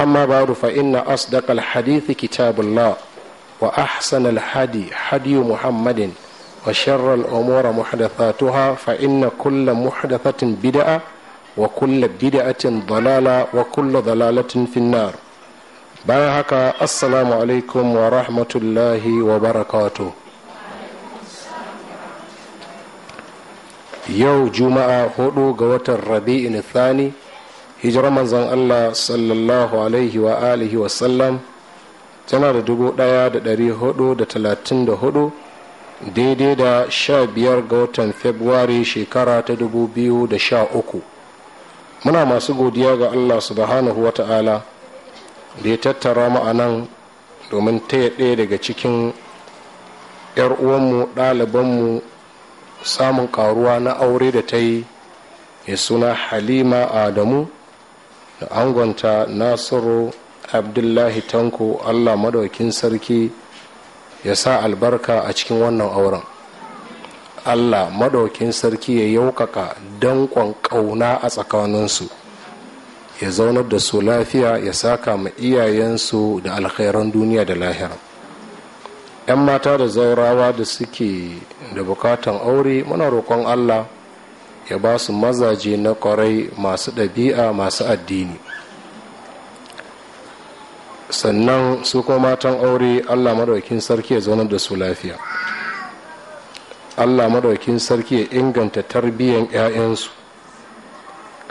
أما بعد فإن أصدق الحديث كتاب الله وأحسن الحدي حدي محمد وشر الأمور محدثاتها فإن كل محدثة بدعة وكل بدعة ضلالة وكل ضلالة في النار بارك السلام عليكم ورحمة الله وبركاته يوم جمعة هدو قوة الربيع الثاني hijirar manzon allah sallallahu alaihi wa alihi sallam tana da dubu daya da dari hudu da talatin da hudu daidai da sha biyar ga watan februari shekara ta dubu biyu da sha uku muna masu godiya ga allah subhanahu wa ta'ala da ya tattara ma'anan a nan domin taya ɗaya daga cikin 'yar uwanmu ɗalibanmu samun karuwa na aure da ta yi ya suna halima adamu da angonta nasiru abdullahi tanko allah madaukin sarki ya sa albarka a cikin wannan auren allah madaukin sarki ya yaukaka danƙon ƙauna a tsakaninsu ya zaunar da su lafiya ya saka ma iyayensu da alkhairan duniya da lahira 'yan mata da zaurawa da suke da bukatan aure muna roƙon allah ya ba su mazaje na kwarai masu ɗabi'a masu addini sannan su kuma matan aure allah maɗaukin sarki ya zaunar da su lafiya allah maɗaukin sarki ya inganta tarbiyyar 'ya'yansu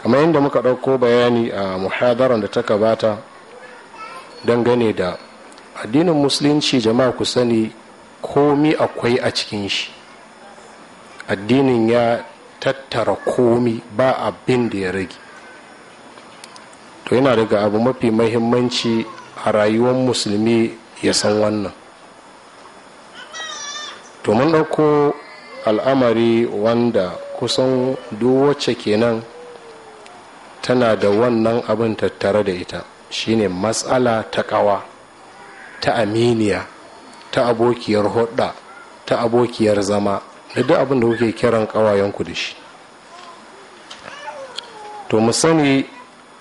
kamar yadda muka ɗauko bayani a muhadaran da ta gabata dangane da addinin musulunci jama'a ku sani komi akwai a cikin shi addinin ya tattara komi ba abin da ya rage to yana daga abu mafi mahimmanci a rayuwar musulmi ya san wannan to mun ɗauko al'amari wanda kusan wacce kenan tana da wannan abin tattare da ita shine matsala ta ƙawa ta aminiya ta abokiyar hudda ta abokiyar zama da duk abin da kuke kiran ƙawayenku da shi to mu sani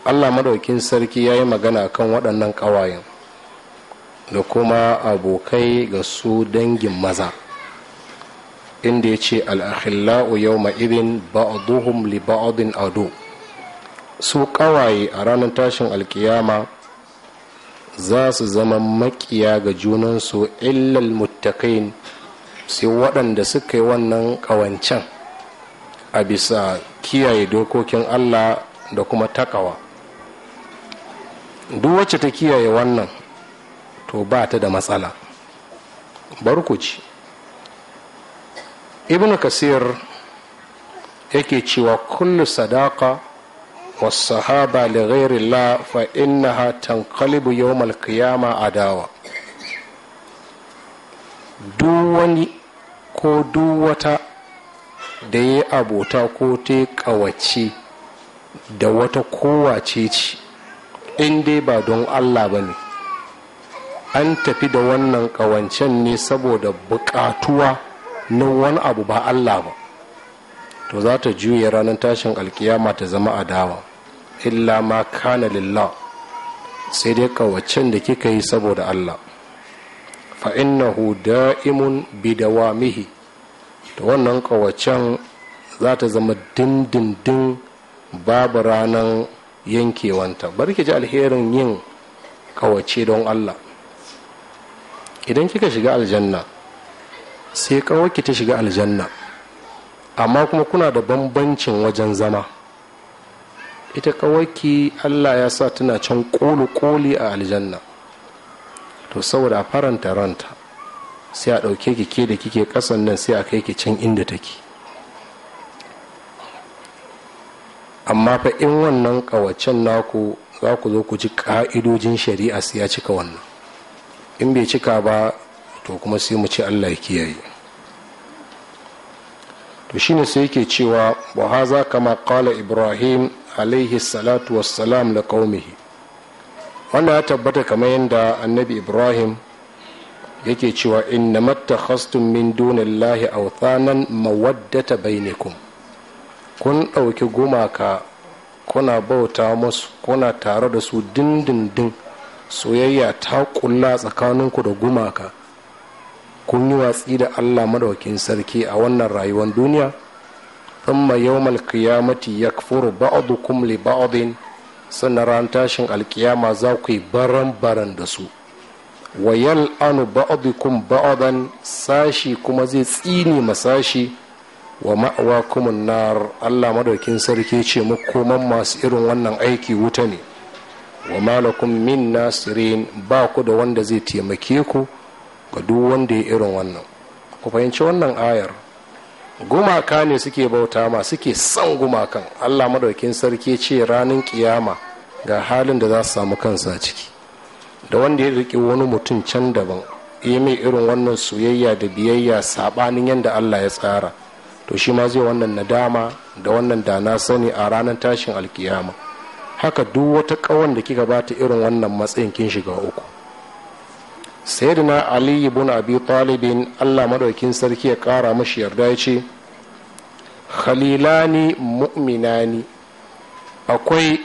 allah madaukin sarki ya yi magana kan waɗannan ƙawayen da kuma abokai ga su dangin maza inda ya ce al'akhillau yau ma'irin ba'aduhum li ado su ƙawaye a ranar tashin alkiyama za su zama makiya ga junansu illal muttakain sai waɗanda suka yi wannan ƙawancen a bisa kiyaye dokokin allah da kuma takawa duk wacce ta kiyaye wannan to ba ta da matsala barkuci ibn kasir yake cewa kullu sadaka والصحابة لغير الله فإنها تنقلب يوم القيامة adawa, duk wani ko duk wata da ya abota ko ta kawace da wata kowace ce in dai ba don allah ba ne an tafi da wannan kawancen ne saboda bukatuwa na wani abu ba allah ba to za ta juya ranar tashin alkiyama ta zama adawa illa ma kana lillah sai dai kawacen da kika yi saboda allah fa innahu da'imun bidawamihi wannan ƙawacen za ta zama dindindin babu ranar yankewanta bar ki ji alherin yin ƙawace don allah idan kika shiga aljanna sai ƙawarki ta shiga aljanna amma kuma kuna da bambancin wajen zama ita ƙawarki allah ya sa tana can ƙoli-ƙoli a aljanna to saboda a faranta ranta sai a ɗauke ki ke da kike ƙasan nan sai a kai ki can inda take amma fa in wannan ƙawacen naku za ku zo ku ji ƙa'idojin shari'a sai ya cika wannan in bai cika ba to kuma sai mu ci allah ya kiyaye to shine sai yake cewa wa haza kama qala ibrahim alaihi salatu wassalam da qaumihi wannan ya tabbata kamar yadda annabi ibrahim yake cewa inna mattakhastum min dunillahi awthanan mawaddata bainakum kun ɗauki gumaka kuna bauta musu kuna tare da su dindindin soyayya ta kulla tsakaninku da gumaka kun yi watsi da allah madaukin sarki a wannan rayuwar duniya thumma yawmal qiyamati yakfuru ba'dukum li ba'din sannan ran tashin alkiyama za ku yi baran baran da su wayal anu ba'dukum ba'adan sashi kuma zai tsini masashi wa ma'awa ma'awakumun nar Allah madaukin sarki ce makoman masu irin wannan aiki wuta ne wa malakum min nasirin ba ku da wanda zai taimake ku ga duk wanda ya irin wannan ku fahimci wannan ayar gumaka ne suke bauta ma suke son gumakan allah madaukin sarki ce ranar kiyama ga halin da za su samu kansa a ciki da wanda ya riƙe wani mutum can daban ya mai irin wannan soyayya da biyayya saɓanin yadda allah ya tsara to shi ma zai wannan nadama da wannan da na sani a ranar tashin alkiyama haka duk wata ƙawan da kika bata irin wannan matsayin kin shiga uku sayyidina ali ibn abi talibin allah madaukin sarki ya kara mashi yarda ya ce khalilani mu'minani akwai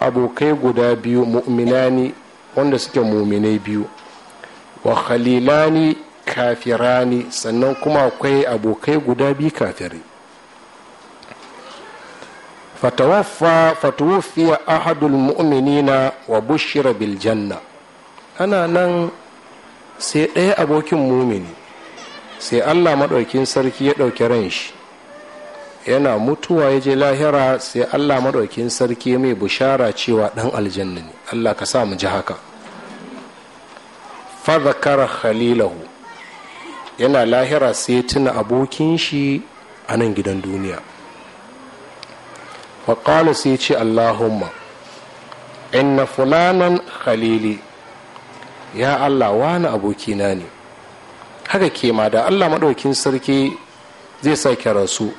abokai guda biyu mu'minani wanda suke muminai biyu wa khalilani kafirani sannan kuma akwai abokai guda biyu kafirai fatawaffa fatuwafiya ahadul mu'minina wa bushira biljanna ana nan sai ɗaya abokin mumini sai allah maɗaukin sarki ya ɗauki ran shi yana mutuwa ya je lahira sai allah maɗaukin sarki mai bushara cewa ɗan aljanna ne allah ka sa mu ji haka fadakar khalilahu yana lahira sai tuna abokin shi a nan gidan duniya faƙalu sai ce allahumma inna fulanan khalili ya allah wani abokina ne haka ke ma da allah maɗaukin sarki zai sa ki rasu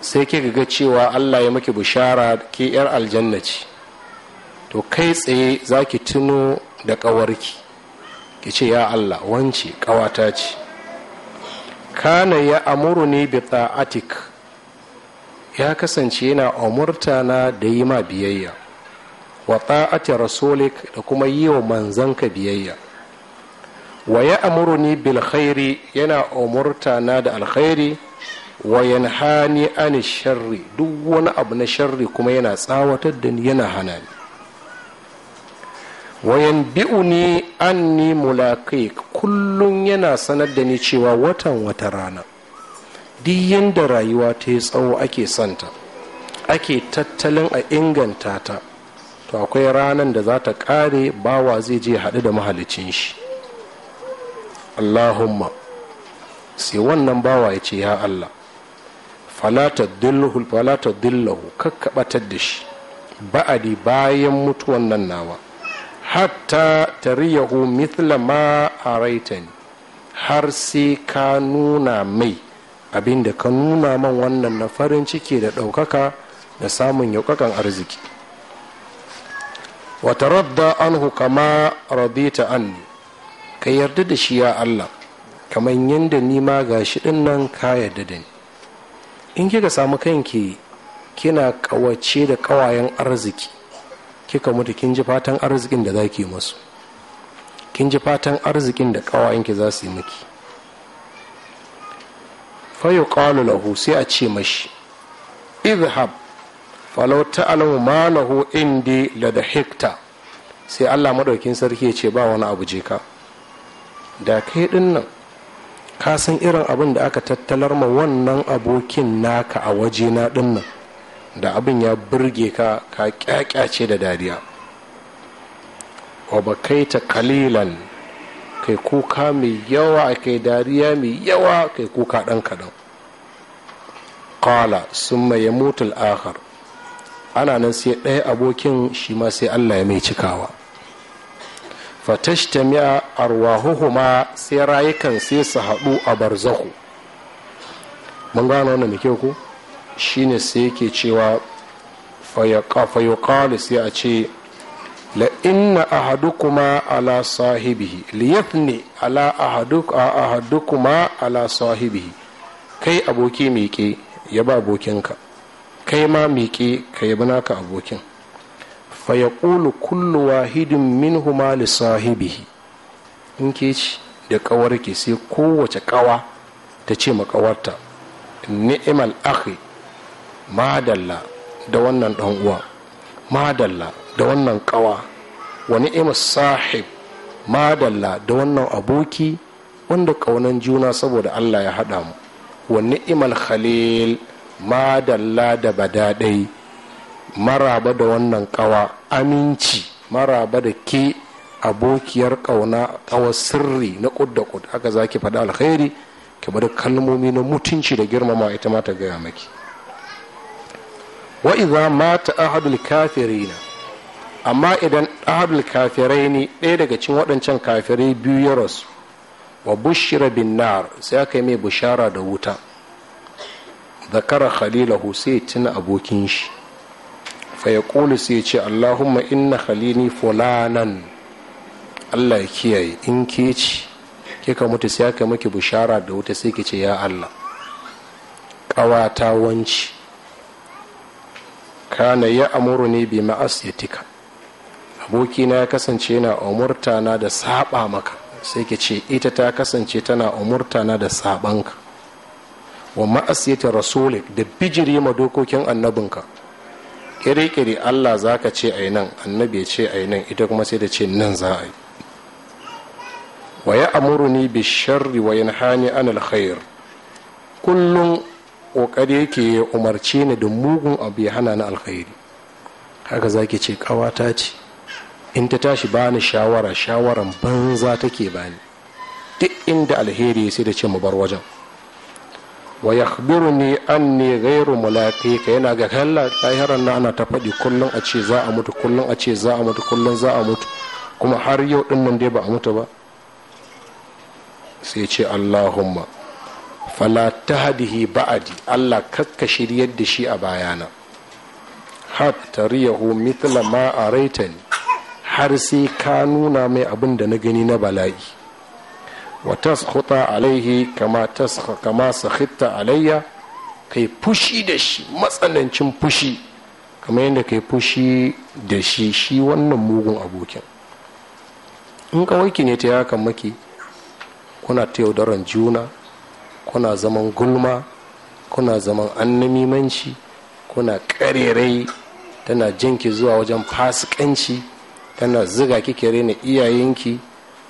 sai ke ga cewa allah ya maki bishara ke yar aljanna ce to kai tsaye za ki tuno da ƙawarki ki ce ya allah wance ƙawata ce kana ya amuru ne bita atik ya kasance yana umurta na da yi ma biyayya wa ta'ati rasulik da kuma yi wa manzanka biyayya wa ya ni bil khairi yana umurta na da alkhairi wa yanhani an sharri duk wani abu na sharri kuma yana tsawatar da ni yana hana ni wa yanbi'uni anni mulaqik kullun yana sanar da ni cewa watan wata rana duk yanda rayuwa ta yi tsawo ake santa ake tattalin a inganta ta to akwai ranan da za ta kare bawa zai je haɗu da mahalicin shi allahumma sai wannan bawa ya ce ya allah falata dillahu falata dillahu kakkaɓatar da shi ba'adi bayan mutuwan nan nawa hatta tariyahu mithla ma a araitani har sai ka nuna mai abinda ka nuna man wannan na farin ciki da ɗaukaka da samun yaukakan arziki wa an anhu kama radita anni ka yarda da shi ya Allah kamar yadda ni ma ga shi din nan ka yarda da ni in kika samu kanki kina kawace da kawayen arziki kika mutu kin ji fatan arzikin da zaki masu kin ji fatan arzikin da ƙawayenki za su yi miki fayo lahu sai a ce mashi izhab falau ta'alamu ma lahu indi la hekta sai Allah maɗaukin sarki ya ce ba wani abu je ka da kai din nan ka san irin abin da aka tattalar ma wannan abokin naka a waje na din nan da abin ya burge ka ka kyakyace da dariya wa bakaita kalilan kai kuka mai yawa kai dariya mai yawa kai kuka dan kadan qala summa yamutu akhar ana nan sai ɗaya abokin shi ma sai allah ya mai cikawa fatashtamiya arwahuhuma sai rayukan sai su haɗu a barzahu mun gano wannan muke kyau ko shine sai yake cewa fayaƙalu sai a ce la inna ahadukuma ala sahibihi liyafni ala ahadukuma ala sahibihi kai aboki mai ke ya ba abokinka kai ma miƙe ka yabi naka abokin fa ya ƙulu kullu wahidin min huma sahibihi in ke ci da ƙawar ke sai kowace ƙawa ta ce ma ƙawarta ni'imal akhi madalla da wannan ɗan uwa madalla da wannan ƙawa wa ni'imar sahib madalla da wannan aboki wanda ƙaunan juna saboda allah ya haɗa mu wa ni'imal khalil madalla da badadai maraba da wannan kawa aminci maraba da ke abokiyar ƙauna kawa sirri na ƙudda da kud haka za ki faɗi alkhairi ki bar kalmomi na mutunci da girmama ita ma ta gaya maki wa idza mata ahadul kafirina amma idan ahadul kafirai ne ɗaya daga cikin waɗancan kafirai biyu ya rasu wa bushira bin nar sai aka yi mai bushara da wuta zakara khalila sai tuna abokin shi fa ya ƙulu sai ya ce allahumma inna khalini fulanan allah ya kiyaye in ke ci kika mutu sai aka maki bishara da wuta sai ka ce ya allah ƙawata wanci kana ya amuru ne bi ma'asiyatika abokina ya kasance yana umurtana da saba maka sai ka ce ita ta kasance tana umurtana da sabanka wa ma'asiyata rasulik da bijire ma dokokin annabinka kiri-kiri allah za ka ce a nan annabi ya ce a nan ita kuma sai da ce nan za a yi wa ya ni bi sharri wa hani an alkhair kullum kokari yake ya umarce ni da mugun abu ya hana ni alkhairi haka zaki ce kawata ce in ta tashi bani shawara shawaran banza take bani duk inda alheri sai da ce mu bar wajen wa ne gairu ghairu ka yana ga kalla lahiran na ana ta faɗi kullum a ce za a mutu kullum a ce za a mutu kullum za a mutu kuma har yau ɗin nan dai ba a mutu ba sai ce Allahumma fala tahdihi ba'adi Allah kakka shiryar da shi a bayana hat tariyahu mitla ma ne har sai ka nuna mai abin da na gani na bala'i wa taskuta alaihi kama tasha kama sakhitta alayya kai fushi da shi matsanancin fushi kamar yadda kai fushi da shi shi wannan mugun abokin in kawai ne ta yakan maki kuna ta yaudarar juna kuna zaman gulma kuna zaman annamimanci kuna karerai tana jinki zuwa wajen fasikanci tana ziga kike rena iyayenki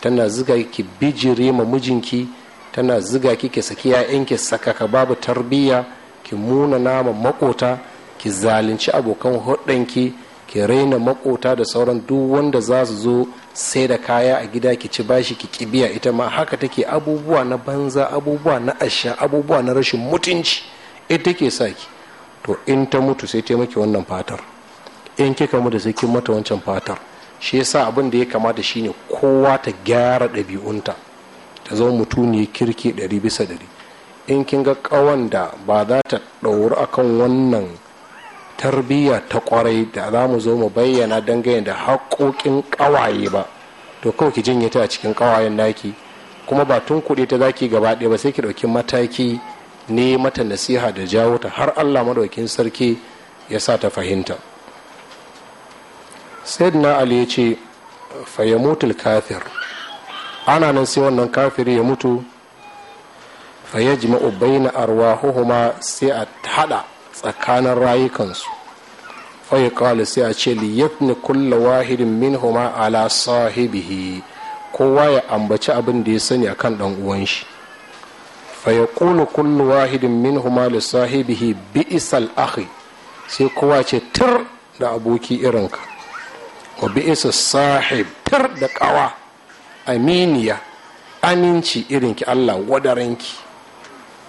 tana ziga ki bijire ma mijinki tana ziga ki ki saki saka ka babu tarbiyya ki muna nama makota ki zalunci abokan hudanki ki raina makota da sauran duk wanda za su zo sai da kaya a gida ki ci bashi ki kibiya ita ma haka take abubuwa na banza abubuwa na asha abubuwa na rashin mutunci ita ke saki to in ta mutu sai ta maki wannan fatar in kika da sai kin mata wancan fatar shi yasa abin da ya kamata shine kowa ta gyara ɗabi'unta ta zama mutuniyar kirki ɗari bisa ɗari in kin ga ƙawan da ba za ta ɗauri akan wannan tarbiyya ta ƙwarai da za mu zo mu bayyana dangane da haƙoƙin ƙawaye ba to kawai ki janye ta a cikin ƙawayen naki kuma ba tun kuɗi ta zaki gaba ɗaya ba sai ki ɗauki mataki ne mata nasiha da jawo ta har allah madaukin sarki ya sa ta fahimta sayyidina ali ya ce faya mutul kafir ana nan sai wannan kafiri ya mutu fa ya na arwa huhuma sai a hada tsakanin rayukansu fa sai a ce liyafni kulla wahidin minhuma ala sahibihi kowa ya ambaci abin da ya sani akan dan uwan shi faya ya kulu kullu wahidin minhuma li sahibihi bi isal ahi sai kowa ce tir da aboki irinka wa sahib tar da kawa aminiya aminci irinki Allah wadaranki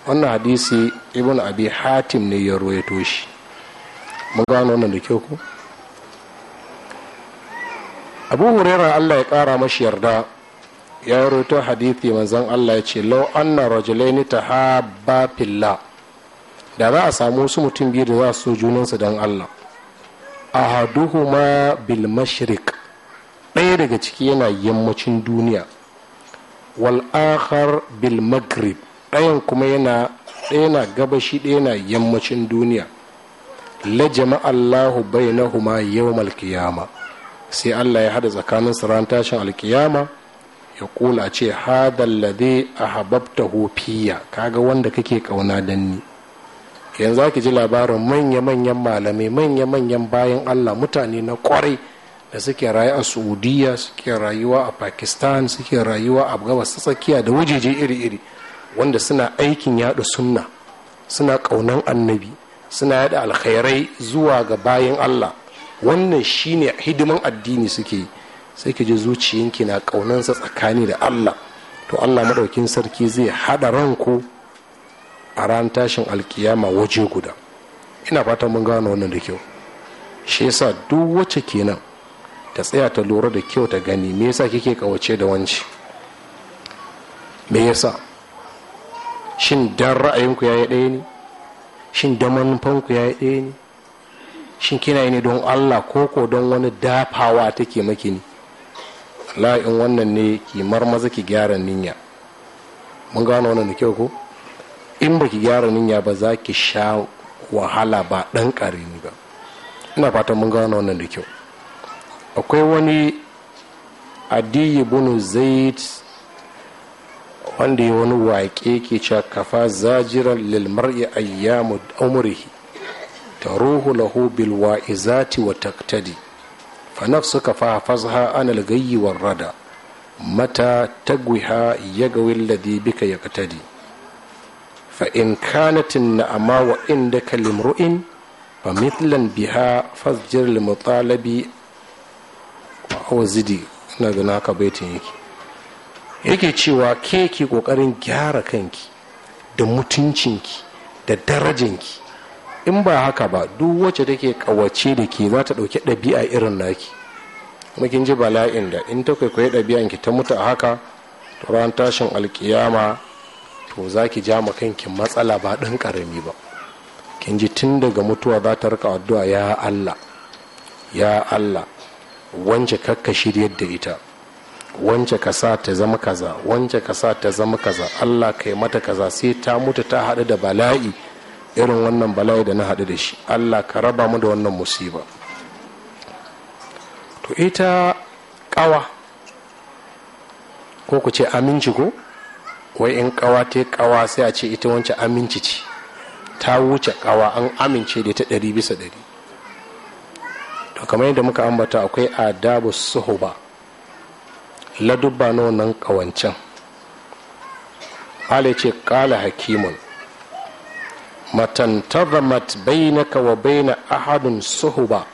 wannan hadisi ibn abi hatim ne ya ruwaito shi mun gano wannan da kyau ku abu huraira Allah ya kara mashi yarda ya ruwaito hadithi manzon Allah ya ce law anna rajulaini tahabba fillah da za a samu wasu mutum biyu da za su so junansu don Allah ahaduhuma bil mashriq ɗaya daga ciki yana yammacin duniya wal akhar bil maghrib ɗayan kuma yana ɗaya na gabashi ɗaya na yammacin duniya la jama'allahu bainahuma yawmal qiyama sai Allah ya hada tsakanin su ran tashin alkiyama ya kula ce hadal ladhi ahbabtahu fiyya kaga wanda kake kauna danni yanzu ake ji labarin manya-manyan malamai manya-manyan bayan allah mutane na kwarai da suke rayu a saudiya suke rayuwa a pakistan suke rayuwa a gabas ta tsakiya da wajeje iri-iri wanda suna aikin yada sunna suna kaunan annabi suna yada alkhairai zuwa ga bayan allah wannan shine hidiman addini suke sai ka ji zuciyanki na kaunansa tsakani da allah to allah madaukin sarki zai haɗa ranku a ran tashin alkiyama waje guda ina fatan mun gano wannan da kyau shi yasa duk wacce kenan ta tsaya ta lura da kyau ta gani me yasa kike kawace da wanci me yasa shin dan ra'ayinku yayi ɗaya ne shin da manufanku yayi ɗaya ne shin kina yi ne don Allah ko ko don wani dafawa take maki ne Allah wannan ne kimar maza ki gyara niyya mun gano wannan da kyau ko in baki gyara ninya ba za ki sha wahala ba ɗan karimi ba ina fatan mun gano wannan da kyau akwai wani adiyi bunu zaid wanda ya wani waƙe ke cewa kafa zajiran lilmar'i ayyamu umrihi ta ruhu lahu bil wa'izati wa taktadi fa nafsu kafa fazha an al rada mata tagwiha yagawi alladhi bika yaqtadi fa in kanatin na'ama wa inda kalimru'in fa mitlan biha fasjir limutalabi wa zidi ina ganin haka baitin yake yake cewa ke ki kokarin gyara kanki da mutuncinki da darajinki. in ba haka ba duk wacce take kawace da ke za ta ɗauki ɗabi'a irin naki kin ji bala'in da in ta kwaikwayi ɗabi'anki ta mutu a haka ran tashin alkiyama to za ki ja ma kanki matsala ba ɗan ƙarami ba kin ji tun daga mutuwa za ta rika addu'a ya Allah ya Allah wance kakka shiryar da ita wance ka sa ta zama kaza wance ka sa ta zama kaza Allah kai mata kaza sai ta mutu ta haɗu da bala'i irin wannan bala'i da na haɗu da shi Allah ka raba mu da wannan musiba to ita ƙawa ko ku ce aminci ko wai in kawa ta kawa sai a ce ita wancan aminci ce ta wuce kawa an amince da ta ɗari bisa ɗari to kamar yadda muka ambata akwai adabu suhuba ladubba na wannan kawancan ala ce kala hakimun matantazamat bainaka wa baina ahadun suhuba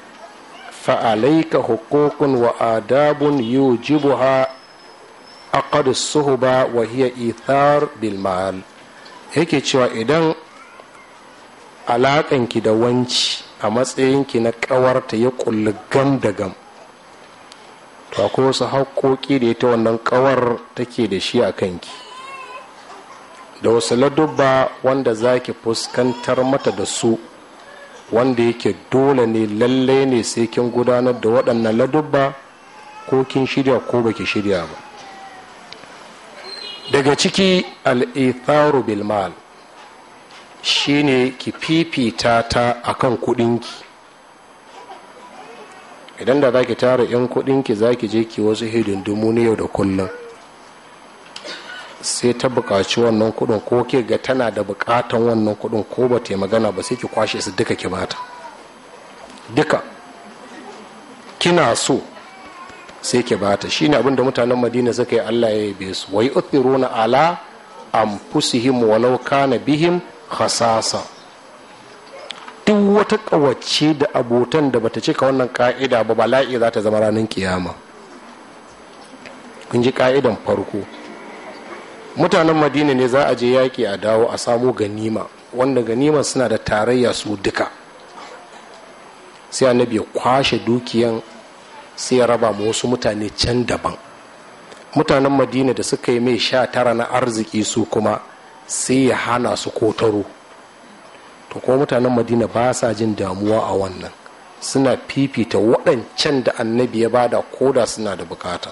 fa'alaika hukukun wa adabun yujibuha aqad suhuba wa hiya ithar bil mal yake cewa idan ki da wanci a matsayinki na ƙawarta ya kulli gam da gam to ko wasu haƙoƙi da ita wannan ƙawar take da shi a kanki da wasu ladubba wanda zaki fuskantar mata da su wanda yake dole ne lallai ne sai kin gudanar da waɗannan ladubba ko kin shirya ko baki shirya ba daga ciki al'itharu bilmal ne ki fifita ta akan kudinki idan da za ki tara 'yan kudinki za ki je ki wasu hidindimu na yau da kullum sai ta buƙaci wannan kudin ko ke ga tana da buƙatan wannan kudin ko ba ta magana ba sai ki kwashe su duka ki bata duka kina so sai ke bata shine abinda mutanen madina suka yi allah ya yi su wai uthiruna ala wa walau kana bihim hasasa. duk wata kawace da abotan da bata cika wannan ka'ida ba bala'i za ta zama ranar kiyama kun ji ka'idan farko mutanen madina ne za a je yaƙi a dawo a samo ganima wanda ganima suna da tarayya su duka sai annabi ya kwashe dukiyan sai ya raba mu wasu mutane can daban mutanen madina da suka yi mai sha tara na arziki su kuma sai ya hana su kotaro to kuma mutanen madina ba sa jin damuwa a wannan suna fifita waɗancan da annabi ya bada koda suna da bukata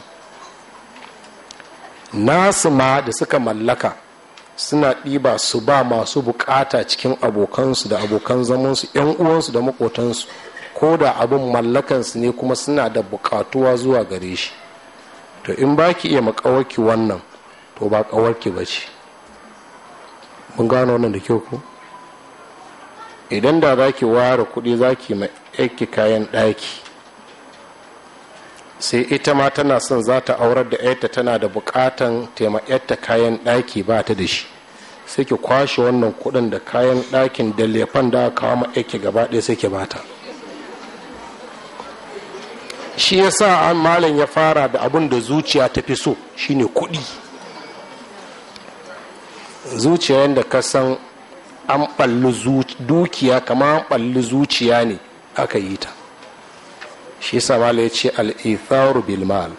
nasu ma da suka mallaka suna ɗiba su ba masu bukata cikin abokansu da abokan zamansu 'yan uwansu da makotansu ko da abin mallakansu ne kuma suna da bukatuwa zuwa gare shi to in ba ki iya makawarki wannan to ba kawarki ba ce mun gano wannan da kyau ko idan da za ki ware kuɗi za ki ma yake kayan ɗaki sai ita ma tana son za ta aurar da yarta tana da bukatan taimakyarta kayan ɗaki ba ta da shi sai ki kwashe wannan kuɗin da kayan ɗakin da lefan da aka kawo ma gaba ɗaya sai ki bata. shi ya sa an malam ya fara da abin da zuciya ta fi so shine kuɗi zuciya yadda ka san an ɓalli dukiya kama an ɓalli zuciya ne aka yi ta shi ya sa malam ya ce al'ifar bilmal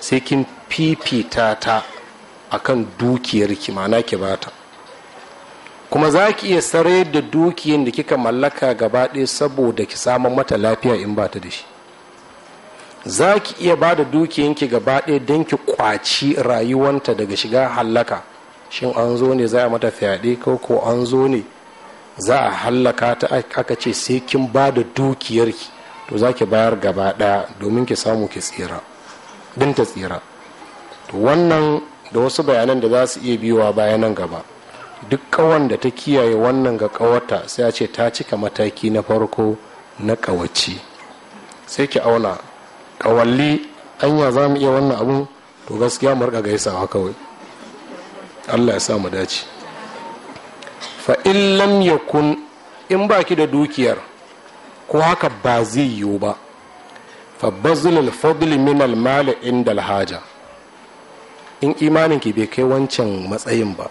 sai kin fifita ta a kan dukiyar ki ma'ana ki bata kuma za ki iya sarai da dukiyar da kika mallaka gaba ɗaya saboda ki samun mata lafiya in ba ta da shi za ki iya ba da dukiyanki gaba ɗaya don ki kwaci rayuwanta daga shiga hallaka shin an zo ne za a mata fyaɗe ko ko an zo ne za a hallaka ta aka ce sai kin ba da dukiyarki to za ki bayar gaba ɗaya domin ki samu ki tsira din ta tsira to wannan da wasu bayanan da za su iya biyowa bayanan gaba duk kawan da ta kiyaye wannan ga ƙawarta sai a ce ta cika mataki na farko na kawaci sai ki auna ƙawalli anya za mu iya wannan abun to gaskiya mu rika gaisawa kawai allah ya sa mu dace fa in lam yakun in baki da dukiyar ko haka ba zai yiwu ba fa bazul al-fadl min al-mal inda al-haja in imanin ki bai kai wancan matsayin ba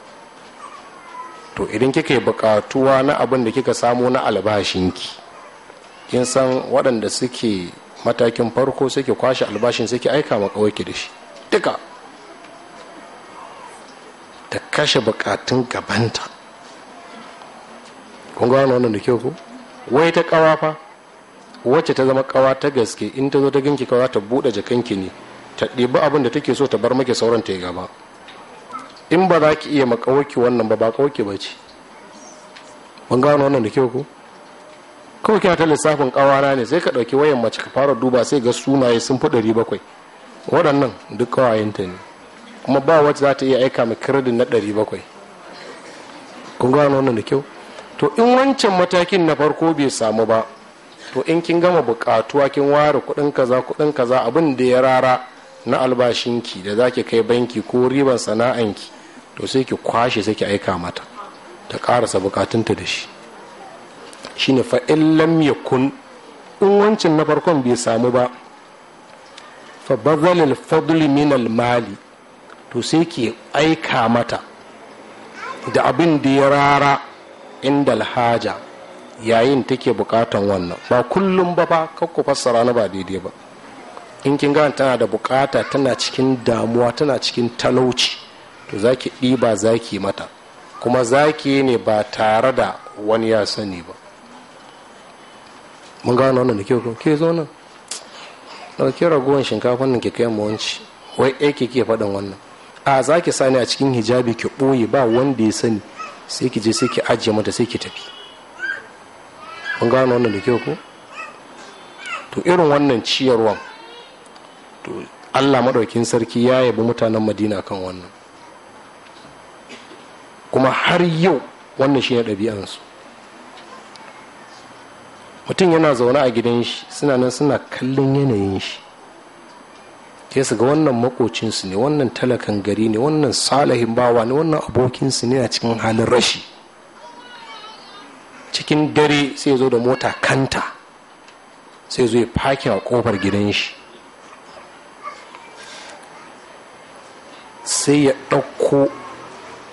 to idan kika yi bukatuwa na abin da kika samo na albashinki kin san waɗanda suke matakin farko sai ki kwashe albashin sai ki aika ma kawai da shi duka ta kashe bukatun gabanta kun gano wannan da kyau ko wai ta kawa fa wacce ta zama kawa ta gaske in ta zo ta ganki kawa ta bude jakanki ne ta ɗiba abin da take so ta bar maki sauran ta yi gaba in ba za ki iya makawaki wannan ba ba kawaki ba ce kun gano wannan da kyau ko kawai kina ta lissafin kawana ne sai ka ɗauki wayan mace ka fara duba sai ga sunaye sun fi ɗari bakwai waɗannan duk kawayenta ne kuma ba wacce za ta iya aika mai kiredin na ɗari bakwai kun gano wannan da kyau to in wancan matakin na farko bai samu ba to in kin gama buƙatuwa kin ware kuɗin kaza kuɗin kaza abin da ya rara na albashinki da zaki kai banki ko riban sana'anki to sai ki kwashe sai ki aika mata ta ƙarasa bukatunta da shi shine fa in lam yakun in wancan na farkon bai samu ba fa bazalil fadli min al mali to sai ke aika mata da abin da ya rara inda alhaja yayin take bukatan wannan ba kullum ba ba kakku fassara na ba daidai ba in kin gane tana da bukata tana cikin damuwa tana cikin talauci to zaki ɗiba zaki mata kuma zaki ne ba tare da wani ya sani ba mun gano wannan da kyau ko ke zo nan dauke ragowar shinkafan nan ke kai mu wanci wai ɗaya eh ke ke faɗin wannan a za ki sani a cikin hijabi ki ɓoye ba wanda ya sani sai ki je sai ki ajiye mata sai ki tafi mun gano wannan da kyau ko to irin wannan ciyarwan to allah maɗaukin sarki ya yabi mutanen madina kan wannan kuma har yau wannan shi ne ɗabi'ansu mutum yana zaune a gidan shi suna nan suna kallon yanayin shi ke su ga wannan makocinsu ne wannan talakan gari ne wannan salahin bawa ne wannan abokinsu ne a cikin halin rashi cikin dare sai zo da mota kanta sai zo ya fakin a kofar gidan shi sai ya ɗauko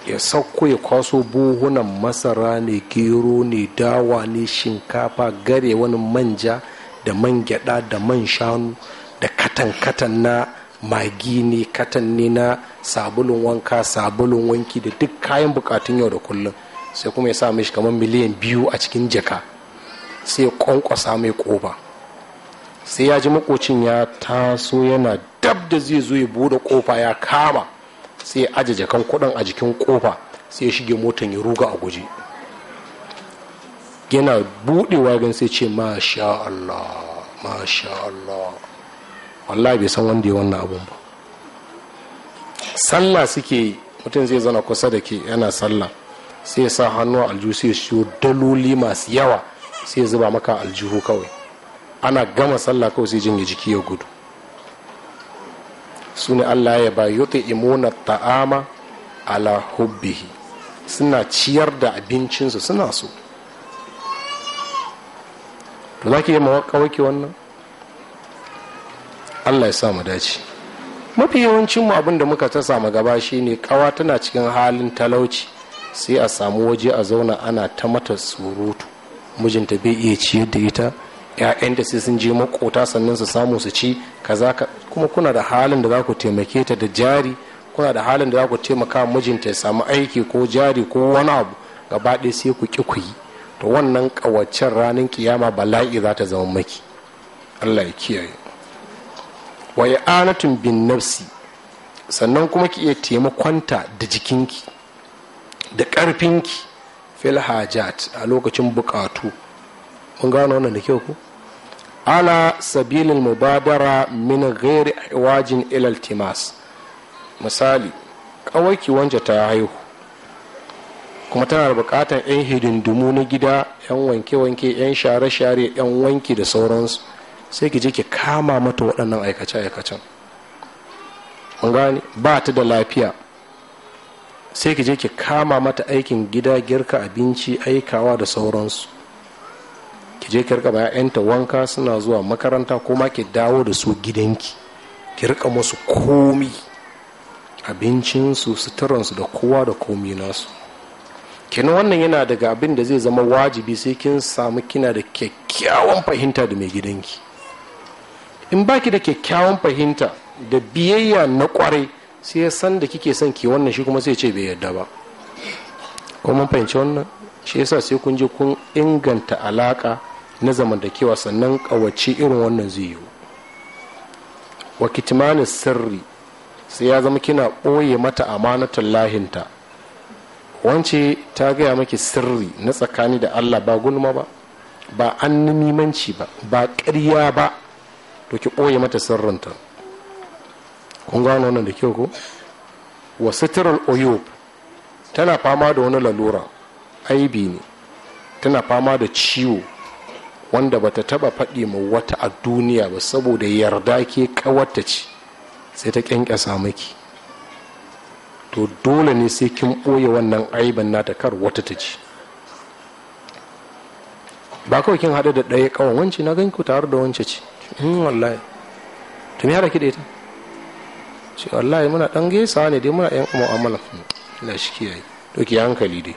ya sauko ya kwaso buhunan masara ne gero ne dawa ne shinkafa gare wani manja da man gyada da man shanu da katan-katan na magi ne katan ne na sabulun wanka sabulun wanki da duk kayan bukatun yau da kullum sai kuma ya sa mishi kamar miliyan biyu a cikin jaka sai ya kwankwasa mai koba sai ya ji makocin ya taso yana dab da zai zo ya bude kofa ya kama sai ya aje jakan kudin a jikin kofa sai ya shige motan ya ruga a guje yana budewa gan sai ce masha Allah masha Allah wallahi bai san wanda ya wannan abun ba sallah suke mutum zai zana kusa da ke yana sallah sai ya sa hannu a aljihu sai ya siyo daloli masu yawa sai ya zuba maka aljihu kawai ana gama sallah kawai sai jin jiki ya gudu su ne allah ya ba yuta imuna ta'ama ala hubbihi suna ciyar da abincinsu suna so to za ki yi mawakawaki wannan allah ya sa mu dace mafi yawancinmu abin da muka ta samu gaba shi ne kawa tana cikin halin talauci sai a samu waje a zauna ana ta mata surutu mijinta bai iya ciyar da ita 'ya'yanta sai sun je makota sannan su samu su ci kaza ka kuma kuna da halin da za ku taimake ta da jari kuna da halin da za ku taimaka mijinta ya samu aiki ko jari ko wani abu gaba ɗaya sai ku ki ku yi to wannan ƙawaccen ranar kiyama bala'i za ta zama maki allah ya kiyaye wa ya anatun bin nafsi sannan kuma ki iya taimakonta da jikinki da ƙarfinki fil hajat a lokacin buƙatu mun gano wannan da kyau ku ala sabilin mubadara min ghairi wajin ilal timas misali kawaki wanda ta haihu kuma tana da bukatar 'yan hidindimu na gida 'yan wanke-wanke 'yan share-share 'yan wanki da sauransu sai ki je ki kama mata waɗannan aikace-aikacen mun gane ba ta da lafiya sai ki je ki kama mata aikin gida girka abinci aikawa da sauransu ki je ki rika ba ya'yanta wanka suna zuwa makaranta ko ma ki dawo da su gidanki ki rika musu komi abincinsu suturansu da kowa da komi nasu kenan wannan yana daga abin da zai zama wajibi sai kin samu kina da kyakkyawan fahimta da mai gidanki in baki da kyakkyawan fahimta da biyayya na kwarai sai ya san da kike son ki wannan shi kuma sai ce bai yarda ba ko mun fahimci wannan shi yasa sai kun je kun inganta alaka na zamantakewa sannan kawace irin wannan zai yiwu wa sirri sai ya zama kina ɓoye mata amanatan lahinta wance ta gaya maki sirri na tsakani da allah ba gulma ba ba an nimanci ba ba ƙarya ba to ki ɓoye mata sirrinta kun gano wannan da kyau ko wa sitiral oyub tana fama da wani lalura aibi ne tana fama da ciwo wanda bata taba faɗi ma wata a duniya ba saboda yarda ke kawarta ce sai ta kyankyasa miki to dole ne sai kin ɓoye wannan aiban nata kar wata ta ji ba kawai kin haɗu da ɗaya kawai wance na gan ku tare da wance ce in hmm, wallahi to me ki da ita ce wallahi muna ɗan gesa ne dai muna yan mu'amala la shi kiyaye to ki hankali dai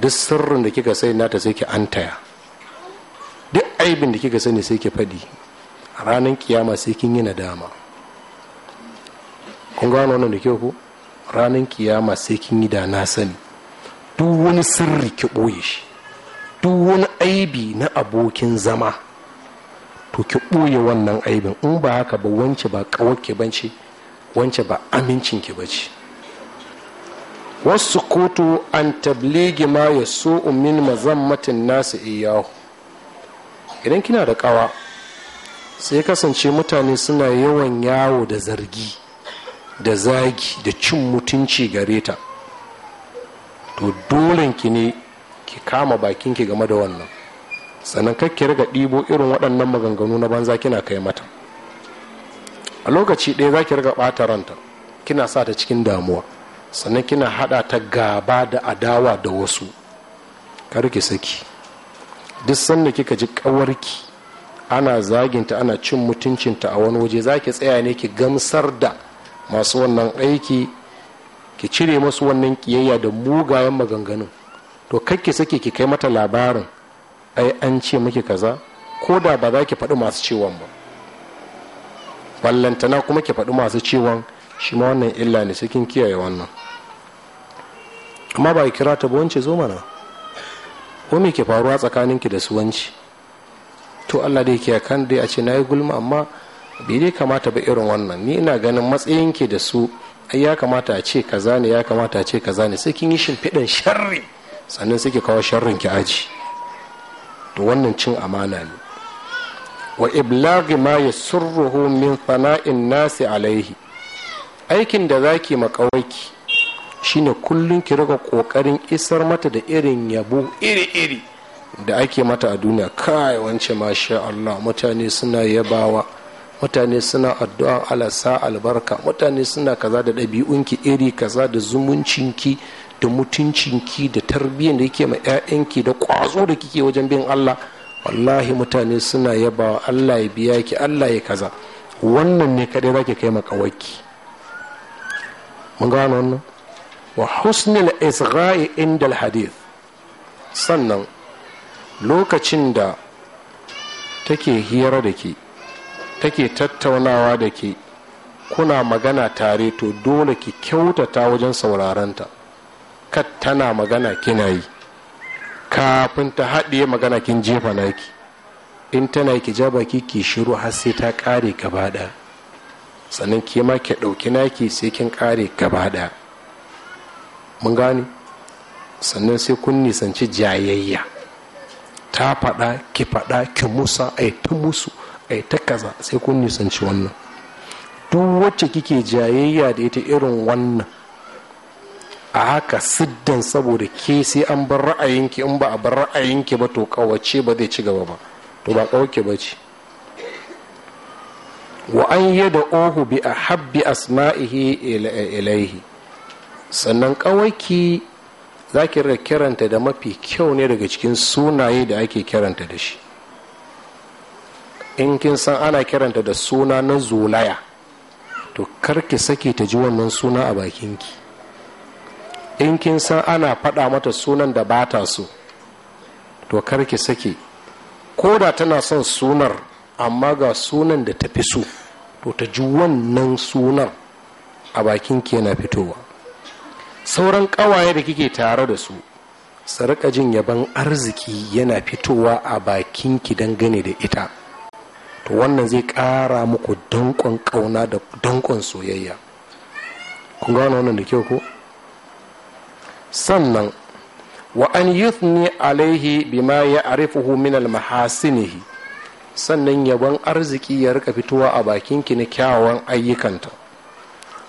duk sirrin da kika sai nata sai ki antaya aibin da kika sani sai ki faɗi a ranar kiyama sai kin yi nadama kun gano wannan da kyau ko ranar kiyama sai kin yi da na sani duk wani sirri ki ɓoye shi duk wani aibi na abokin zama to ki ɓoye wannan aibin in ba haka ba wance ba ƙawarki bance wance ba amincin ki bace wasu koto an tabligi ma ya so min mazammatin nasu iyahu idan kina da kawa sai kasance mutane suna yawan yawo da zargi da zagi da cin mutunci gare ta to dolenki ki ne ki kama bakin ki game da wannan sannan ki riga ɗibo irin waɗannan maganganu na banza kina kai mata a lokaci ɗaya za ki riga ɓata ranta kina sa ta cikin damuwa sannan kina haɗa ta gaba da adawa da wasu kar ki saki duk sanda kika ji kawarki ana zaginta ana cin mutuncinta a wani waje za ki tsaya ne ki gamsar da masu wannan aiki ki cire masu wannan kiyayya da mugayen maganganun to ki sake ki kai mata labarin ai an ce miki kaza ko da ba za ki faɗi masu ciwon ba ballantana kuma ki faɗi masu ciwon shi ma wannan illa ne sai kin kiyaye wannan amma ba ki kira ta ba wance zo mana ko me ke faruwa ki da suwanci to Allah dai ke kan dai a ce na yi gulma amma bai dai kamata ba irin wannan ni ina ganin matsayinki da su ai ya kamata a ce kaza ne ya kamata a ce kaza ne sai kin yi shimfiɗin sharri sannan suke kawo sharrin ki aji to wannan cin amana ne wa iblagi ma yasurruhu min fana'in nasi alaihi aikin da zaki makawaki shine kullum ki riga kokarin isar mata da irin yabo iri-iri da ake mata a duniya kai wance masha Allah mutane suna yabawa mutane suna addu'a ala albarka mutane suna kaza da ɗabi'unki iri kaza da zumuncinki da mutuncinki da tarbiyyar da yake ma 'ya'yanki da ƙwazo da kike wajen bin Allah wallahi mutane suna yabawa Allah ya biya ki Allah ya kaza wannan ne kadai zaki kai makawarki mun gano wannan wa husnul isra'i inda hadith sannan lokacin da take hira da ke take tattaunawa da ke kuna magana tare to dole ki kyautata wajen ta kat tana magana kina yi kafin ta haɗiye magana kin jefa naki in tana ki ja baki ki shiru har sai ta ƙare gaba ɗaya sannan ke ma ki ɗauki naki sai kin ƙare gaba ɗaya mun gane sannan sai kun nisanci jayayya ta faɗa ki faɗa ki musa a ta musu a ta kaza sai kun nisanci wannan duk wacce kike jayayya da ita irin wannan a haka siddan saboda ke sai an bar ra'ayinki in ba a bar ra'ayinki ba to kawace ba zai ci gaba ba to ba kawake ba ce wa an yi da ohu bi a habbi asma'ihi ilaihi sannan kawaiki za ki rika kiranta da mafi kyau ne daga cikin sunaye da ake kiranta da shi in kin san ana kiranta da suna na zolaya to karki sake ta ji wannan suna a bakinki in kin san ana faɗa mata sunan da bata so to karki sake ko da tana son sunar amma ga sunan da ta fi so to ta ji wannan sunan a bakinki yana fitowa sauran ƙawaye da kike tare da su su rika jin yaban arziki yana fitowa a bakin ki dangane da ita to wannan zai ƙara muku danƙon ƙauna da danƙon soyayya kun gano wannan da kyau ko sannan wa an yuthni alaihi bima ya arifuhu min almahasinihi sannan yabon arziki ya rika fitowa a bakinki na kyawawan ayyukanta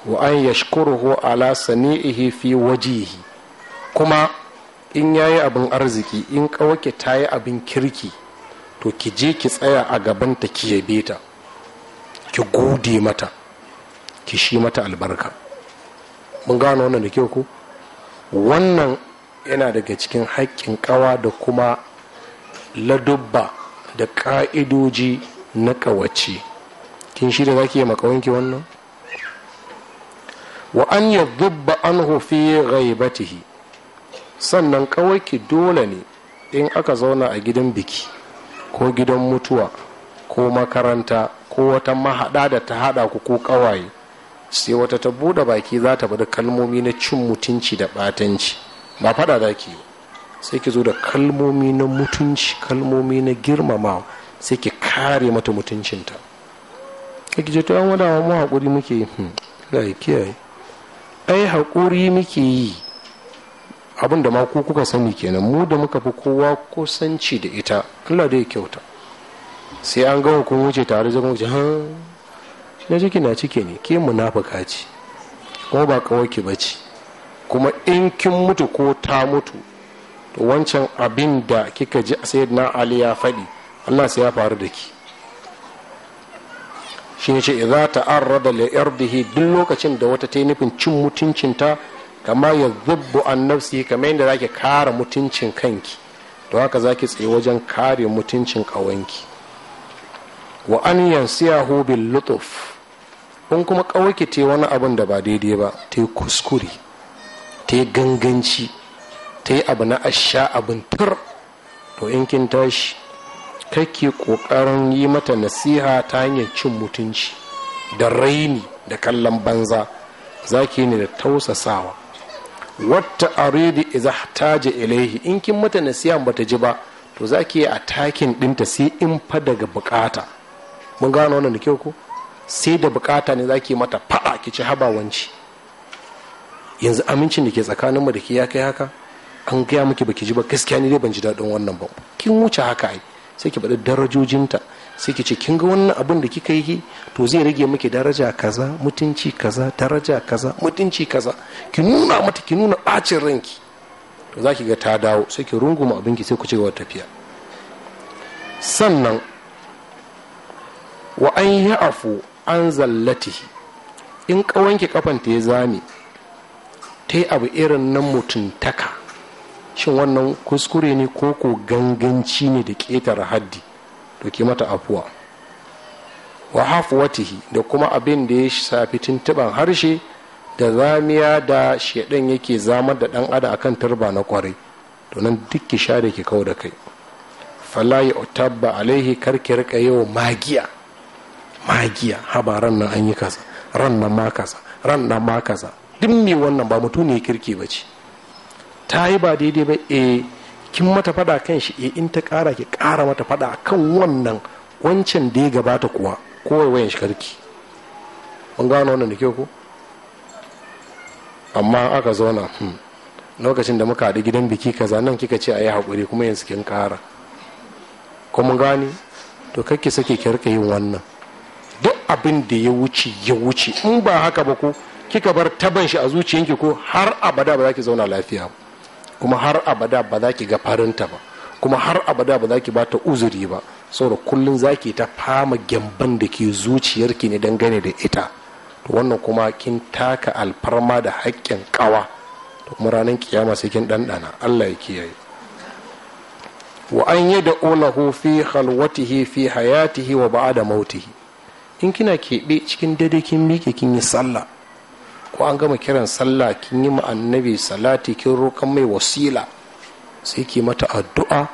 wa an yashkuruhu ala sani'ihi fi wajihi kuma in yayi abin arziki in kawake ta yi abin kirki to ki je ki tsaya a gabanta ki yabe ta ki gode mata ki shi mata albarka mun gano wannan da kyau ko wannan yana daga cikin haƙƙin ƙawa da kuma ladubba da ƙa'idoji na ƙawace kin shirya za ki yi makawanki wannan wa an zubba an hufi ghaibatihi sannan kawai ki dole ne in aka zauna a gidan biki ko gidan mutuwa ko makaranta ko wata mahaɗa da ta haɗa ku ko kawaye sai wata ta bude baki za ta bada kalmomi na cin mutunci da batanci ba fada za ki sai ki zo da kalmomi na mutunci kalmomi na girmama sai ki kare mata mutuncinta ki je to an wadawa mu hakuri muke yi hmm. kiyaye ai haƙuri muke yi abin da ma ku kuka sani kenan mu da muka fi kowa kusanci da ita allah da ya kyauta sai an gama kuma wuce tare zan wuce ha na ciki na cike ne ke munafuka ce kuma ba ki ba ce kuma in kin mutu ko ta mutu to wancan abin da kika ji a na ali ya faɗi allah sai ya faru da ki shi ne ce idza ta'arrada li irdihi duk lokacin da wata ta yi nufin cin mutuncinta kama ya zubbu an nafsi kamar yadda zaki kare mutuncin kanki to haka zaki tsaye wajen kare mutuncin kawanki wa an yansiyahu bil lutuf in kuma kawaki te wani abun da ba daidai ba ta kuskure ta ganganci ta yi abu na asha abin tur to in kin tashi kake ƙoƙarin yi mata nasiha ta hanyar cin mutunci da raini da kallon banza za ki ne da tausasawa wata aridi iza taje ilaihi in kin mata nasiha ba ta ji ba to za ki yi a takin ɗinta sai in fa daga bukata mun gano wannan da kyau ko sai da bukata ne za ki mata faɗa ki ci habawanci yanzu amincin da ke tsakaninmu da ke ya kai haka an gaya miki baki ji ba gaskiya ne dai ban ji daɗin wannan ba kin wuce haka ai sai ki faɗi darajojinta sai ki ce kin ga wannan abin da kika yi to zai rage miki daraja kaza mutunci kaza daraja kaza mutunci kaza ki nuna mata ki nuna bacin ranki to za ki ga ta dawo sai ki runguma abin ki sai ku ce wa tafiya sannan wa an yi afu an zallatihi in ƙawanki kafanta ya zame ta yi abu irin nan mutuntaka shin wannan kuskure ne ko ko ganganci ne da ƙetare haddi to ke mata afuwa wa hafuwatihi da kuma abin da ya shafi tuntuban harshe da zamiya da shaidan yake zamar da ɗan ada akan tarba na kwarai to nan duk sha da ki kawo da kai fala ya utabba alaihi kar ki rika yau magiya magiya haba ran nan an yi kasa ran nan ma kasa ran nan ma kasa duk me wannan ba mutum ne kirki ba ce ta yi ba daidai ba e kin mata fada kan shi e in ta kara ki kara mata fada kan wannan wancan da ya gabata kuwa wai wayan shi karki mun gano wannan da ke ku amma aka zauna hmm, lokacin da muka haɗu gidan biki kaza nan kika ce a yi haƙuri kuma yanzu kin kara ko mun gane to kakki sake ki rika yin wannan duk abin da ya wuce ya wuce in ba haka ba ko kika bar taban shi a zuciyanki ko har abada ba za ki zauna lafiya ba kuma har abada ba za ki ga farinta ba kuma har abada ba za ki ba ta uzuri ba saboda kullum za ki ta fama gyamban da ke zuciyarki ne dangane da ita to wannan kuma kin taka alfarma da haƙƙin ƙawa to kuma ranar kiyama sai kin ɗanɗana allah ya kiyaye wa an yi da olahu fi halwatihi fi hayatihi wa ba'a da mautihi in kina keɓe cikin dare kin miƙe kin yi sallah ko an gama kiran sallah kin yi ma annabi salati kin rokan mai wasila sai ki mata addu'a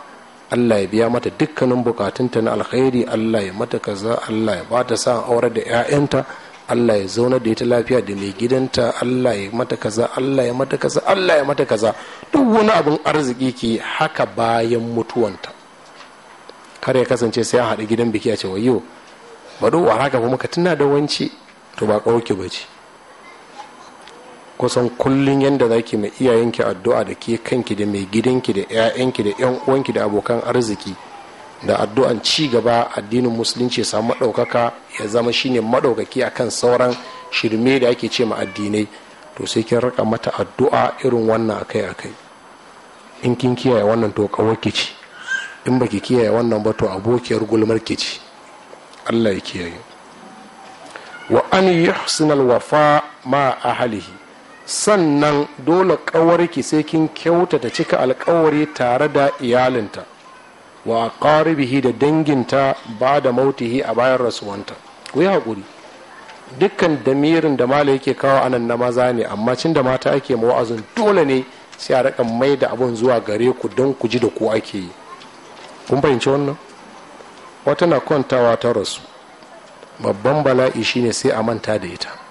Allah ya biya mata dukkanin bukatunta na alkhairi Allah ya mata kaza Allah ya bata sa aure da 'ya'yanta Allah ya zauna da ita lafiya da mai gidanta Allah ya mata kaza Allah ya mata kaza Allah ya mata kaza duk wani abin arziki ke haka bayan mutuwanta kar ya kasance sai an haɗa gidan biki a ce wayo bari wa haka kuma ka tuna da wanci to ba ƙauke ba ce kusan kullum yadda za ki mai iyayenki addu'a da ke kanki da mai gidanki da 'ya'yanki da 'yan uwanki da abokan arziki da addu'an ci gaba addinin musulunci ya samu maɗaukaka ya zama shine maɗaukaki akan sauran shirme da ake ce ma addinai to sai kin rika mata addu'a irin wannan akai akai in kin kiyaye wannan to ki ce in baki kiyaye wannan ba to abokiyar gulmar ki ce Allah ya kiyaye wa an yuhsina wafa ma ahlihi sannan dole ƙawarki sai kin kyautata cika alkawari tare da iyalinta wa karibihi da danginta ba da mautihi a bayan rasuwanta ku yi haƙuri dukkan damirin da mala yake kawo anan na maza ne amma cin da mata ake mawa'azin dole ne sai a raka mai da abun zuwa gare ku don ku ji da ku ake yi kun fahimci wannan wata na kwantawa ta rasu babban bala'i shine sai a manta da ita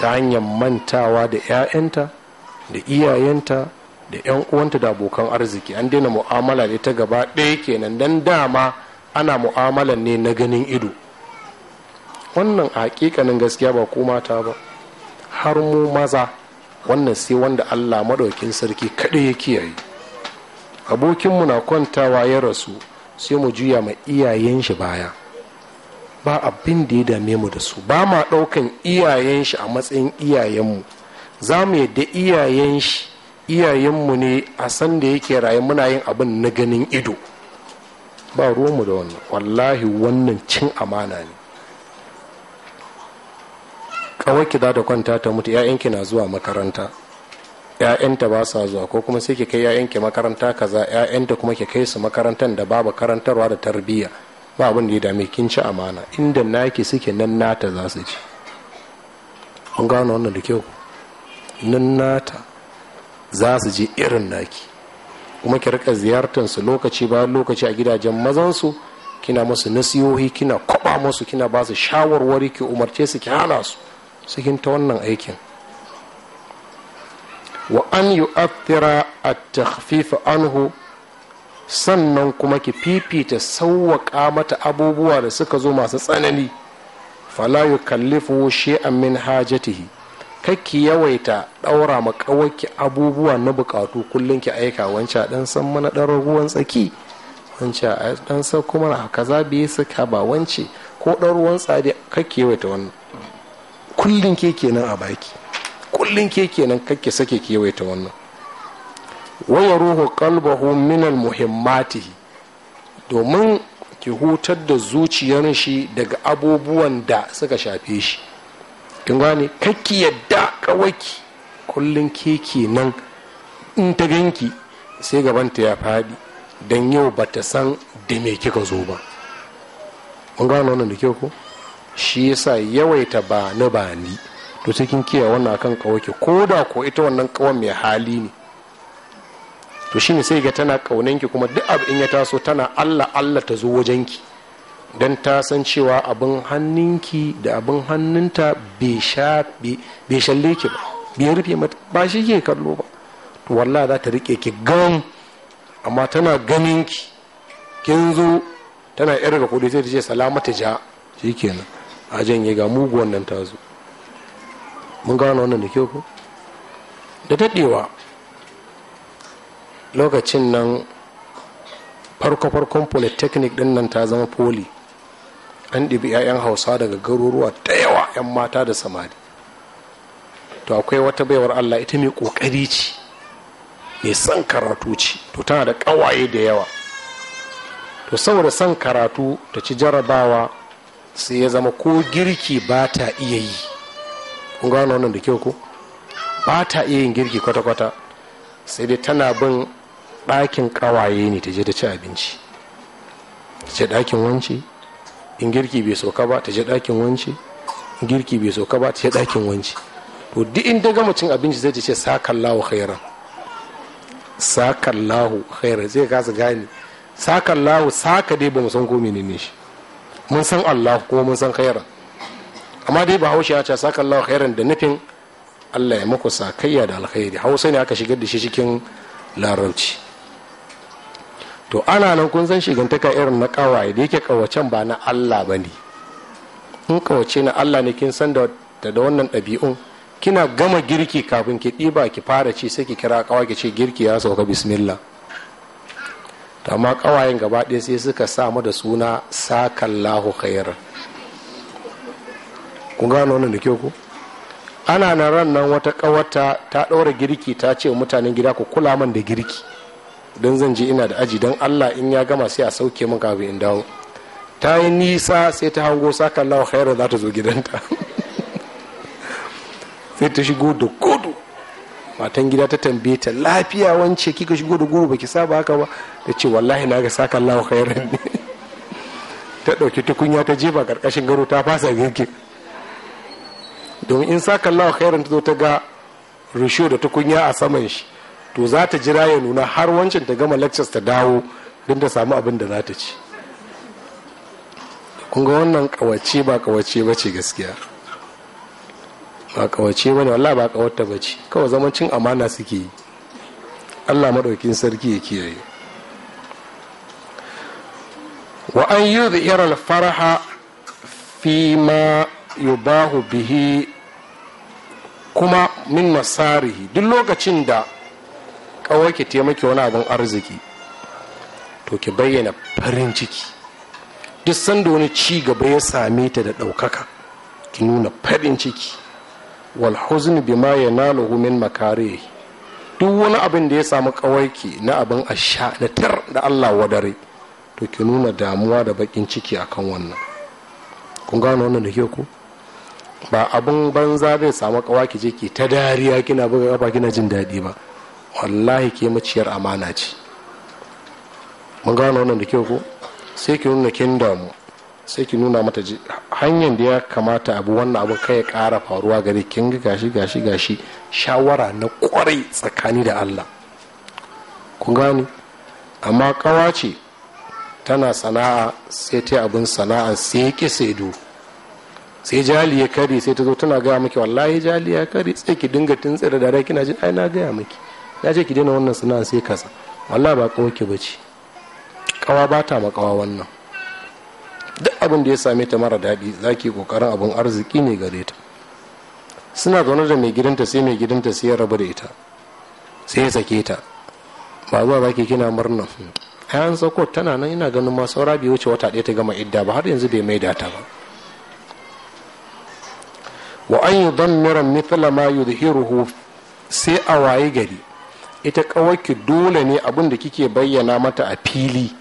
ta hanyar mantawa da 'ya'yanta da iyayenta da 'yan uwanta da abokan arziki an daina mu'amala da ta gaba ɗaya kenan don dama ana mu'amala ne na ganin ido wannan hakikanin gaskiya ba ko mata ba har mu maza wannan sai wanda allah maɗaukin sarki kaɗai ya kiyaye abokinmu na kwantawa ya rasu sai mu juya ma iyayen shi baya ba abin da ya dame mu da su ba ma ɗaukan iyayen shi a matsayin iyayenmu za mu yadda iyayen shi iyayenmu ne a san da yake raye muna yin abin na ganin ido ba mu da wannan wallahi wannan cin amana ne kawai ki za ta kwanta ta mutu 'ya'yanki na zuwa makaranta 'ya'yanta ba sa zuwa ko kuma sai ki kai 'ya'yanki makaranta kaza 'ya'yanta kuma ki kai su makarantar da babu karantarwa da tarbiyya ba abin da ya dame kin ci amana inda naki suke nan nata za su ci an gano wannan da kyau nan nata za su je irin naki kuma ki rika ziyartar su lokaci bayan lokaci a gidajen mazansu kina musu nasiyohi kina kwaba musu kina ba su shawarwari ki umarce su ki hana su cikin ta wannan aikin wa an yu'athira at-takhfif anhu sannan kuma ki fifita sauwaƙa mata abubuwa da suka zo masu tsanani fala yukallifu shay'an min hajatihi kakki yawaita ɗaura ma ƙawarki abubuwa na buƙatu kullum ki aika wancan ɗan san mana ɗan ruwan tsaki wancan ɗan san kuma na kaza biye suka ba wance ko ɗan ruwan tsari kakki yawaita wannan kullum ke kenan a baki kullum ke kenan kakki sake ke yawaita wannan waya ruhu kalbahu minal muhimmatihi domin ki hutar da zuciyar shi daga abubuwan da suka shafe shi kin gane kakki yadda kawaki kullum keke nan in ta ganki sai gabanta ya faɗi don yau ba ta san da me kika zo ba mun gano wannan da ke ko shi yasa yawaita ba na ba ni to cikin kin kiyaye wannan akan kawaki ko da ko ita wannan kawan mai hali ne to shi ne sai ga tana kaunan kuma duk abu in ya taso tana Allah Allah ta zo wajen ki dan ta san cewa abin hannunki da abin hannunta bai shalle ki ba bai rufe mata ba shi ke kallo ba to wallah za ta rike ki gan amma tana ganin kin zo tana yar ga kudi sai ta ce salamata ja shikenan a janye ga muguwan nan ta zo mun gano wannan da kyau ko da daɗewa lokacin nan farko-farkon polytechnic din nan ta zama poli an ɗibi 'ya'yan hausa daga garuruwa ta yawa 'yan mata da samari to akwai wata baiwar allah ita mai ƙoƙari ce mai son karatu ce to tana da ƙawaye da yawa to saboda son karatu ta ci jarabawa sai ya zama ko girki ba ta iya yi kun gano wannan da kyau ko ba ta iya yin girki kwata-kwata sai dai tana bin ɗakin ƙawaye ne ta je ta ci abinci ta je ɗakin wance in girki bai sauka ba ta je ɗakin wance in girki bai sauka ba ta je ɗakin wance to duk in ta gama cin abinci zai ta ce sakallahu khairan sakallahu khaira zai kasa gane sakallahu saka dai ba mu san ko menene shi mun san Allah ko mun san khaira amma dai ba haushi ya ce sakallahu khairan da nufin Allah ya muku sakayya da alkhairi hausa ne aka shigar da shi cikin larabci to ana nan kun san shigantaka irin na kawaye da yake kawacen ba na Allah ba ne in kawace na Allah ne kin san da da wannan ɗabi'un kina gama girki kafin ki ɗiba ki fara ci sai ki kira kawa ki ce girki ya sauka bismillah to amma kawayen gaba ɗaya sai suka sa mu da suna sakallahu khair kun gano wannan da kyau ko ana nan ran nan wata kawata ta ɗaura girki ta ce mutanen gida ku kula man da girki don zan je ina da aji don allah in ya gama sai a sauke min kafin in dawo ta yi nisa sai ta hango sakan lawa khairu za ta zo gidanta sai ta shigo da gudu matan gida ta tambaye ta lafiya wance kika shigo da gudu baki saba haka ba ta ce wallahi na ga sakan lawa khairu ne ta ɗauki tukunya ta jefa karkashin garo ta fasa girki domin in sakan lawa khairu ta zo ta ga risho da tukunya a saman shi to za ta jira ya nuna har wancan ta gama lectures ta dawo don ta samu abin da za ta ci kun ga wannan kawace ba kawace ba ce gaskiya ba kawace ba ne wallah ba kawarta ba ce kawai zaman cin amana suke yi allah maɗaukin sarki ya kiyaye wa an yi da irin faraha fi ma yubahu bihi kuma min masarihi duk lokacin da kawai ki taimaki wani abin arziki to ki bayyana farin ciki duk sanda wani ci gaba ya same ta da ɗaukaka ki nuna farin ciki wal huzn bima yanaluhu min makarihi duk wani abin da ya samu kawaiki na abin asha na tar da Allah wadare to ki nuna damuwa da bakin ciki akan wannan kun gano wannan da ke ku ba abin banza zai samu kawaki je ki ta dariya kina buga kafa kina jin daɗi ba wallahi ke maciyar amana ce mun gano wannan da kyau ko sai ki nuna kin damu sai ki nuna mata hanyar da ya kamata abu wannan abu kai ya kara faruwa gare kin ga gashi gashi gashi shawara na kwarai tsakani da Allah kun gani amma kawa ce tana sana'a sai ta abin sana'a sai ki do sai jali ya kare sai ta zo tana gaya miki wallahi jali ya kare sai ki dinga tuntsira da kina jin ai na gaya miki ya ce ki daina wannan sana'a sai kasa wallahi ba kawai ki bace kawa ba ta makawa wannan duk abin da ya same ta mara daɗi za ki kokarin abin arziki ne gare ta suna zaune da mai gidanta sai mai gidanta sai ya rabu da ita sai ya sake ta ba zuwa ba ki kina murna ayan sako tana nan ina ganin ma saura bai wuce wata ɗaya ta gama idda ba har yanzu bai maida ta ba wa an yi mura mithila ma yudhiruhu sai a waye gari ita kawarki dole ne abin da kike bayyana mata a fili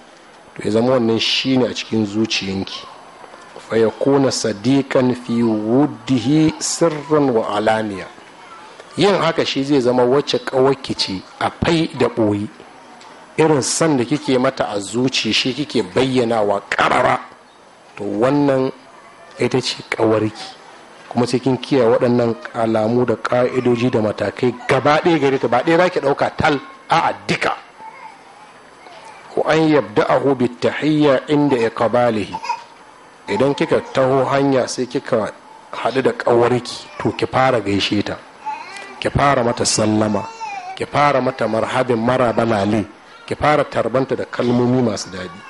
to ya zama wannan shine a cikin zuciyanki fa ya kuna sadiqan fi wuddihi sirran wa alaniya yin haka shi zai zama wacce kawarki ce a fai da ɓoyi irin san da kike mata a zuci shi kike bayyana wa ƙarara to wannan ita ce kawarki kuma sai kin kiyaye waɗannan alamu da ƙa'idoji da matakai gaba ɗaya gare ta ba ɗaya za ki ɗauka tal a'a addika ko an a ta bitahiyya inda ya iqbalihi idan kika taho hanya sai kika haɗu da ƙawarki to ki fara gaishe ta ki fara mata sallama ki fara mata marhabin mara balale ki fara tarbanta da kalmomi masu daɗi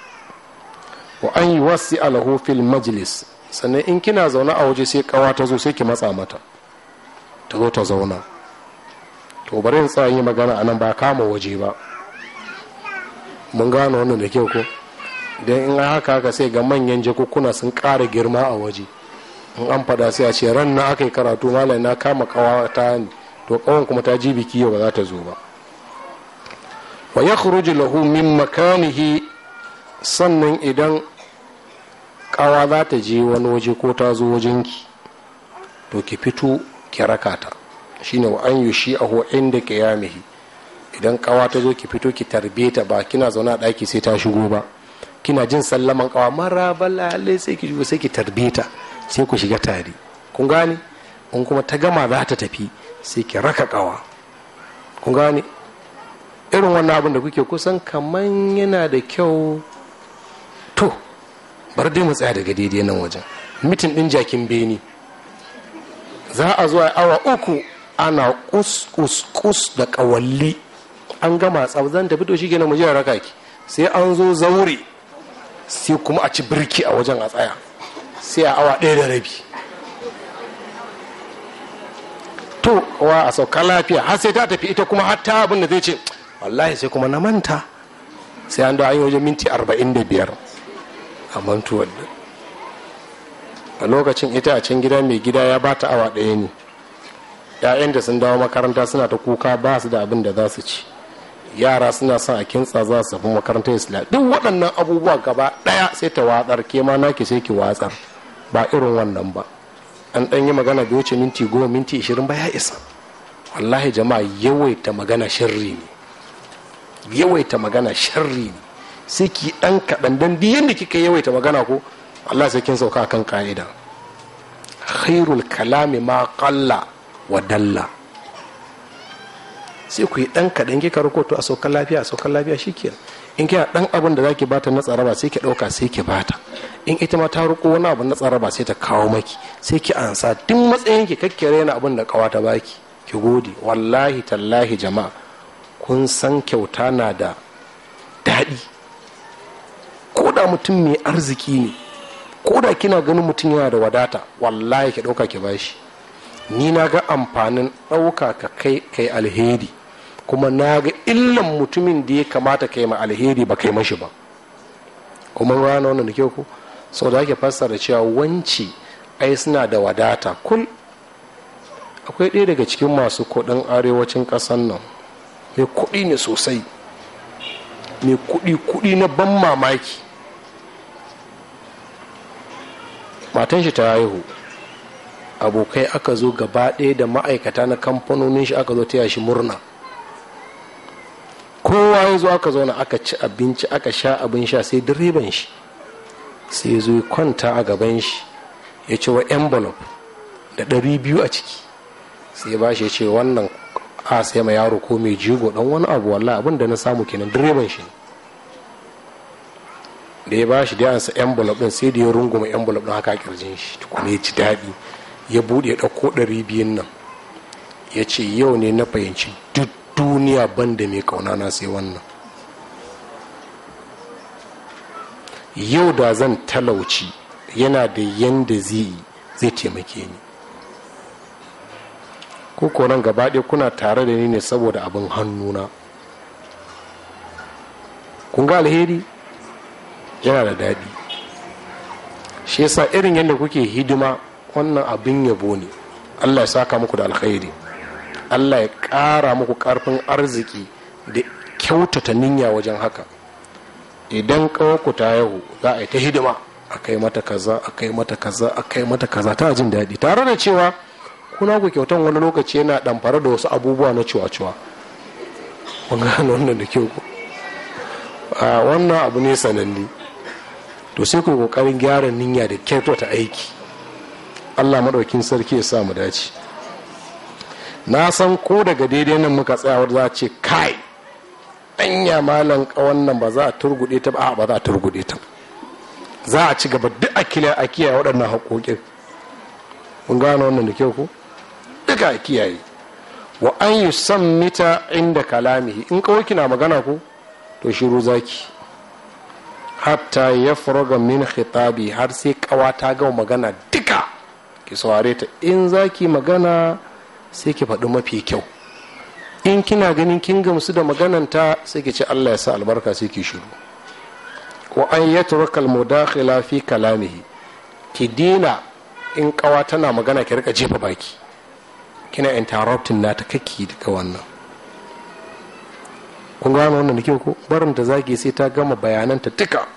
wa an yi wasi alahu fil majlis sannan in kina zaune a waje sai kawa ta zo sai ki matsa mata ta zo ta zauna to bari in tsaya yi magana anan ba kama waje ba mun gano wannan da kyau ko don in haka haka sai ga manyan jakukuna sun ƙara girma a waje in an fada sai a ce ran na aka yi karatu malai na kama kawa ta ne to kawan kuma ta ji biki ba za ta zo ba wa ya lahu min makanihi sannan idan kawa za ta je wani waje ko ta zo wajenki to ki fito ki raka ta shine wa an yushi da inda yamihi idan kawa ta zo ki fito ki tarbe ta ba kina zauna a daki sai ta shigo ba kina jin sallaman kawa mara balale sai ki shigo sai ki tarbe ta sai ku shiga tare kun gane in kuma ta gama za ta tafi sai ki raka kawa kun gane irin wannan abin da kuke kusan kaman yana da kyau to bar dai mu tsaya daga daidai nan wajen mitin din jakin beni za a zuwa awa uku ana kus kus kus da kawalli an gama da fito shi gina mu jiya raka ki sai an zo zaure sai kuma a ci birki a wajen a tsaya sai a awa ɗaya da rabi to wa a sauka lafiya har sai ta tafi ita kuma har ta abin da zai ce wallahi sai kuma na manta sai an da an wajen minti arba'in da biyar a mantuwar da a lokacin ita a can gida mai gida ya bata awa ɗaya ne ‘ya'yan da sun dawo makaranta suna ta kuka ba su da abin da za su ci yara suna son a kintsa za su tafi makarantar islam duk waɗannan abubuwa gaba ɗaya sai ta watsar ke ma naki sai ki watsar ba irin wannan ba an ɗan yi magana da wuce minti goma minti ishirin ba ya isa wallahi jama'a yawaita magana sharri ne yawaita magana sharri ne sai ki dan kaɗan dan duk yadda kika yawaita magana ko Allah sai kin sauka kan ka'ida khairul kalami ma qalla wa dalla sai ku yi dan kaɗan kika rukoto a saukan lafiya a saukan lafiya shikenan in kina dan abin da zaki bata na tsaraba sai ki dauka sai ki bata in ita ma ta ruko wani abu na tsaraba sai ta kawo maki sai ki ansa duk matsayin ki kakkere raina abin da kawa ta baki ki gode wallahi tallahi jama'a kun san kyauta na da daɗi koda mutum mai arziki ne ko da kina ganin mutum yana da wadata wallahi ki ɗauka ki bashi ni na ga amfanin ɗauka ka kai kai alheri kuma na ga illan mutumin da ya kamata kai ma alheri ba kai mashi ba kuma rana wannan da ke ku sau da ake fassara cewa wanci ai suna da wadata kul akwai ɗaya daga cikin masu kuɗin arewacin ƙasan nan mai kuɗi ne sosai mai kuɗi kuɗi na ban mamaki matan shi ta haihu abokai aka zo gaba ɗaya da ma'aikata na kamfanonin shi aka zo ta shi murna kowa ya zo aka zauna aka ci abinci aka sha abin sha sai direban shi sai zo kwanta a gaban shi ya ce wa envelope da ɗari biyu a ciki sai ba shi ya ce wannan a sai ma yaro ko mai jigo ɗan wani abu wallah abin da na samu kenan direban shi ne da ya bashi da ansa envelope din sai da ya runguma envelope din haka kirjin shi tukune ci daɗi ya buɗe ɗauko ɗari biyun nan ya ce yau ne na fahimci duk duniya banda mai kauna na sai wannan yau da zan talauci yana da yanda zai zai taimake ni ko koran gaba ɗaya kuna tare da ni ne saboda abin hannuna kun ga alheri yana da daɗi shi yasa irin yadda kuke hidima wannan abin yabo ne allah ya saka muku da alkhairi allah ya ƙara muku ƙarfin arziki da kyautata ninya wajen haka idan ku ta yahu za a yi ta hidima a kai mata kaza a kai mata kaza a kai mata kaza ta jin daɗi tare da cewa kuna ku kyautan wani lokaci yana ɗamfara da wasu abubuwa na cuwa-cuwa wannan da kyau wannan abu ne sananne to sai ku kokarin gyara niyya da kyautata aiki allah maɗaukin sarki ya samu dace na san ko daga daidai nan muka tsaya wadda za a ce kai danya malan ƙawan nan ba za a turgude ta ba ba za a turgude ta za a ci gaba duk a kila a kiyaye waɗannan haƙoƙin mun gano wannan da kyau ko duka a kiyaye wa an yi san mita inda kalamihi in kawai kina magana ko to shiru zaki hatta ya furaga min khitabi har sai kawa ta gama magana duka ki saurare ta in za ki magana sai ki faɗi mafi kyau in kina ganin kin gamsu da magananta sai ki ce allah ya sa albarka sai ki shiru wa an yatruka al-mudakhila fi kalamihi ki dina in kawa tana magana ki rika jefa baki kina interrupting nata kakki daga wannan kun gano wannan da kyau ko barin ta zagi sai ta gama bayananta duka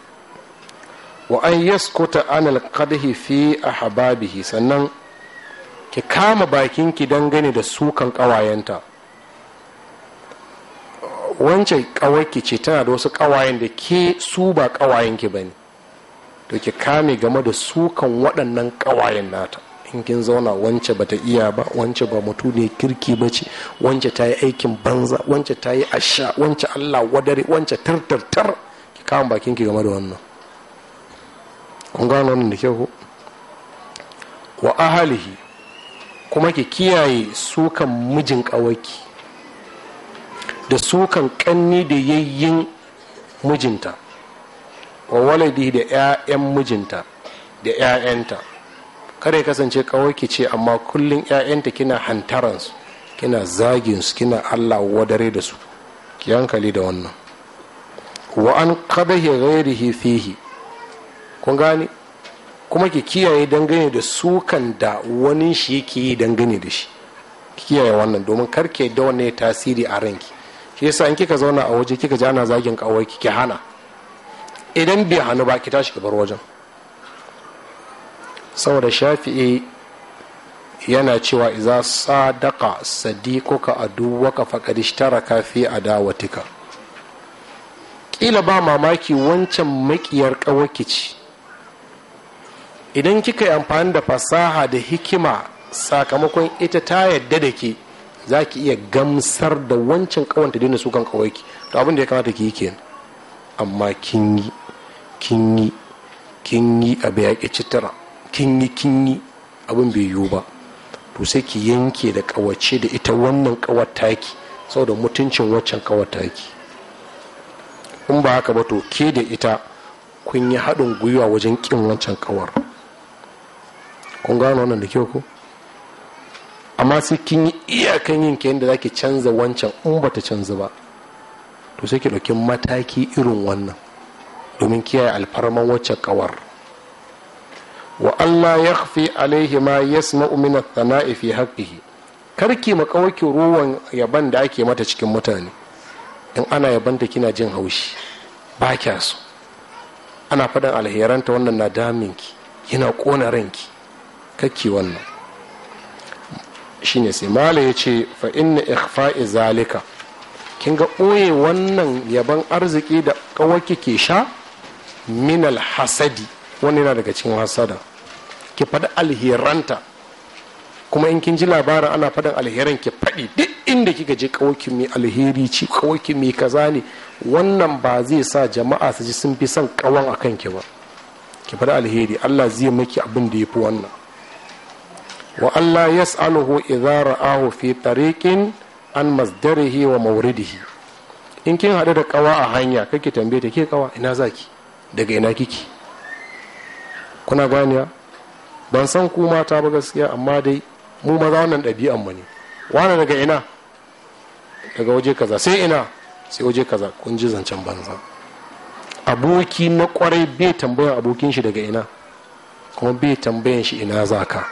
wa an yaskuta anal alkadahi fi ahbabihi sannan ki kama bakinki ki dangane da sukan kawayenta wancan kawarki ce tana da wasu kawayen da ke su ba kawayen ki bane to ki kame game da sukan waɗannan kawayen nata in kin zauna wance bata iya ba wance ba mutu ne kirki ba ce wance ta yi aikin banza wance ta yi asha wance allah wadare wance tartartar ki kama bakin ki game da wannan kun gano wannan da kyau wa ahalihi kuma ki kiyaye sukan mijin kawaki da sukan kanni da yayyin mijinta wa waladi da 'ya'yan mijinta da 'ya'yanta kada ya kasance ki ce amma kullum 'ya'yanta kina hantaransu kina zaginsu kina allah wadare da su ki hankali da wannan wa an qadahi ghairihi fihi kun gane kuma ki kiyaye dangane da sukan da wani shi yake yi dangane da shi ki kiyaye wannan domin karke da wannan tasiri a ranki shi yasa in kika zauna a waje kika ji ana zagin kawai ki hana idan bai hannu ba ki tashi ki bar wajen saboda shafi'i yana cewa iza sadaka sadiquka aduwaka faqad kafi fi adawatika Ƙila ba mamaki wancan maƙiyar ƙawakici ce idan kika yi amfani da fasaha da hikima sakamakon ita ta yadda da ke za ki iya gamsar da wancan kawanta daina su kan to abin da ya kamata ki yi kenan amma kin yi kin yi kin yi abu ya ƙi citara kinyi kinyi kin yi abin bai yiwu ba to sai ki yanke da kawace da ita wannan kawar taki saboda mutuncin waccan kawar taki in ba haka ba to ke da ita kun yi haɗin gwiwa wajen ƙin wancan kawar kun gano wannan da kyau ko amma sai kin yi iyakan yin ke da zaki canza wancan in bata canza ba to sai ki ɗauki mataki irin wannan domin kiyaye alfarman waccan kawar wa Allah ya fi alaihi ma yasna umina thana'i fi haqqihi karki makawaki ruwan yaban da ake mata cikin mutane in ana yabanta kina jin haushi ba kya so ana faɗin alheranta wannan na daminki yana ƙona ranki kakki wannan shine sai mala ya ce fa inna ikhfa'i zalika kin ga ɓoye wannan yaban arziki da kawaki ke sha minal hasadi wani yana daga cikin hasada ki faɗi alheranta kuma in kin ji labarin ana faɗin alheran ki faɗi duk inda kika je kawaki mai alheri ci kawaki mai kaza ne wannan ba zai sa jama'a su ji sun fi son kawan a kanki ba ki faɗi alheri allah zai maki abin da ya fi wannan wa allah yas'aluhu idza ra'ahu fi tariqin an masdarihi wa mawridihi in kin haɗu da kawa a hanya kake tambaye ta ke kawa ina zaki daga ina kiki kuna ganiya ban san ku mata ba gaskiya amma dai mu maza wannan ɗabi'an mu ne wani daga ina daga waje kaza sai ina sai waje kaza kun ji zancen banza aboki na kwarai bai tambayan abokin shi daga ina kuma bai tambayan shi ina za ka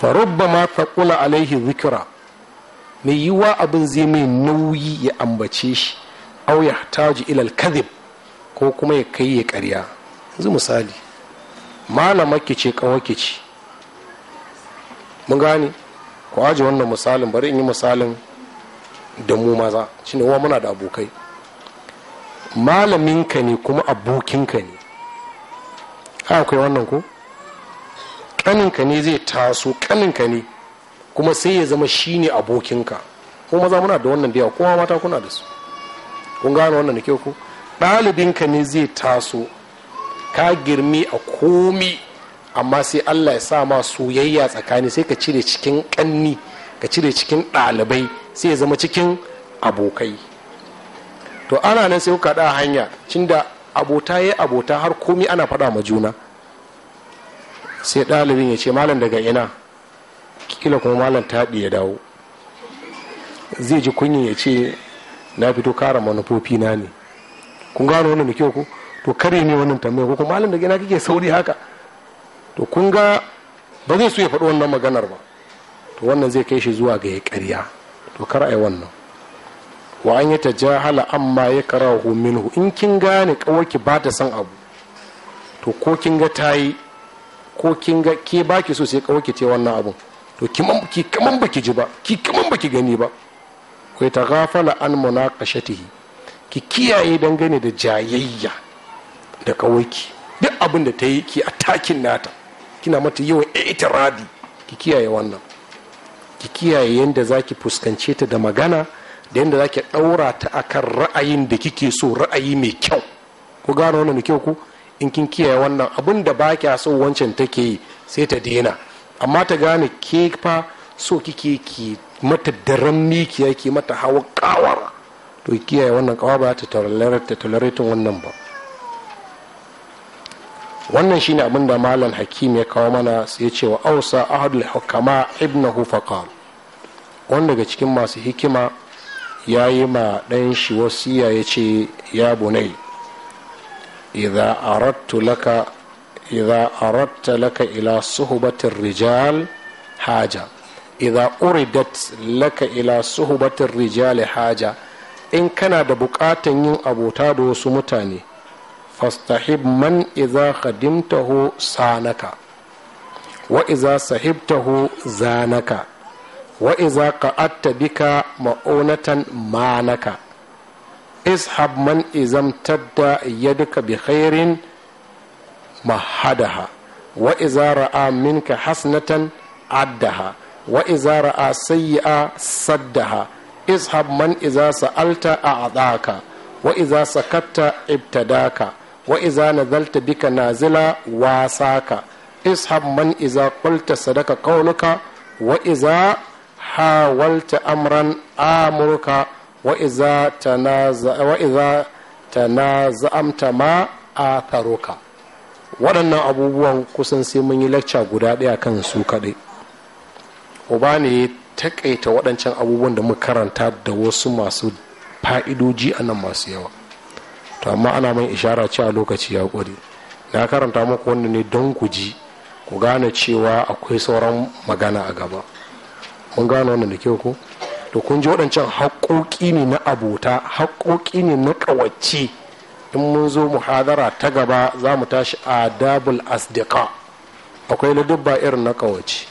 farubba ma faƙula alaihi zikira mai yiwa abin zai mai nauyi ya ambace shi au ya taji ilal kadib ko kuma ya kai ya karya yanzu misali malama ki ce kawai ce mun gane ku aji wannan misalin bari in yi misalin da mu maza shine wa muna da abokai malaminka ne kuma abokinka ne akwai wannan ko kaninka ne zai taso kaninka ne kuma sai ya zama shine abokinka ko maza muna da wannan da kowa mata kuna da su kun gane wannan da kyau ko ɗalibinka ne zai taso ka girmi a komi amma sai allah ya sa ma soyayya tsakani sai ka cire cikin ƙanni ka cire cikin ɗalibai sai ya zama cikin abokai to ana nan sai kuka ɗa hanya cinda abota ya abota har komi ana faɗa ma juna sai ɗalibin ya ce malam daga ina kila kuma malam taɗi ya dawo zai ji kunyin ya ce na fito kara manufofi na ne kun gano wannan da kyau ku to kare ne wannan tambayar ko kuma malam da gina kake sauri haka to kun ga ba zai so ya faɗi wannan maganar ba to wannan zai kai shi zuwa ga ya ƙarya to kar a yi wannan wa an yi amma ya kara minhu in kin gane kawarki ba ta son abu to ko kin ga ta yi ko kin ga ke ba ki so sai kawarki ce wannan abun to ki kaman ba ki ji ba ki kaman ba ki gani ba kai ta gafala an munaqashatihi ki kiyaye dangane da jayayya da kawaki duk abin da ta yi ki a takin nata kina mata yawan radi ki kiyaye wannan ki kiyaye yadda za ki fuskance ta da magana da yadda za ki ɗaura ta akan ra'ayin da kike so ra'ayi mai kyau ko gano wannan kyau ku in kin kiyaye wannan abin da ba kya so wancan take yi sai ta daina amma ta gane ke fa so kike ki mata daren mikiya ki mata hawa kawara to kiyaye wannan kawa ba ta toleratin wannan ba wannan shine abin da malam hakim ya kawo mana sai ya ce wa ausa ahadul hukama ibnahu faqal wanda daga cikin masu hikima ya yi ma ɗan shi wasiya ya ce ya bunai idan aradtu laka idza aradta laka ila suhubatir rijal haja idza uridat laka ila suhubatir rijal haja in kana da bukatan yin abota da wasu mutane fastahib man iza khadimtahu sanaka wa'iza iza sahibtahu zanaka wa iza qa'atta bika ma'unatan manaka ishab man izam tadda yaduka bi khairin mahadaha wa'iza iza ra'a minka hasnatan addaha wa'iza iza ra'a sayyi'a saddaha ishab man iza sa'alta a'daka wa iza sakatta ibtadaka wa iza zalta bika nazila wasaka ishab man iza qulta sadaka kaunuka wa iza hawalta amran amurka wa iza tanaza ma atharuka waɗannan abubuwan kusan sai mun yi lacca guda ɗaya kan su kaɗai uba ne ya taƙaita waɗancan abubuwan da muka karanta da wasu masu fa'idoji a nan masu yawa to amma ana man ishara ce a lokaci ya kware na karanta muku wannan ne don ku ji ku gane cewa akwai sauran magana a gaba mun gane wannan da kyau ko to kun ji waɗancan haƙoƙi ne na abota haƙoƙi ne na ƙawacce in mun zo muhadara ta gaba za mu tashi a dabul asdiqa akwai ladabba irin na ƙawace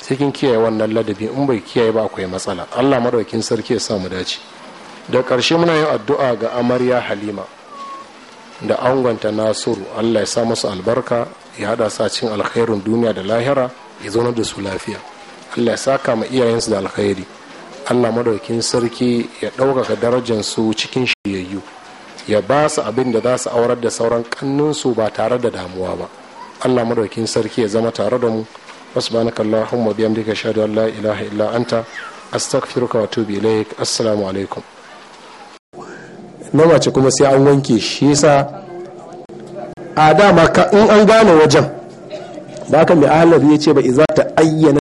sai kin kiyaye wannan ladabi in bai kiyaye ba akwai matsala allah madaukin sarki ya sa mu dace da ƙarshe muna yin addu'a ga amarya halima da angonta nasiru allah ya sa musu albarka ya hada sa cin alkhairin duniya da lahira ya zauna da su lafiya allah ya saka ma iyayensu da alkhairi allah madaukin sarki ya ɗaukaka su cikin shiyayyu ya ba su abin da za su aurar da sauran kanninsu ba tare da damuwa ba allah madaukin sarki ya zama tare da mu wasu allahumma da ka an allah ilaha illa anta astaghfiruka wa atubu ilaik assalamu alaikum na mace kuma sai an wanke shi sa a dama in an gane wajen baka aka mai ahalar ya ce ba iza ta ayyana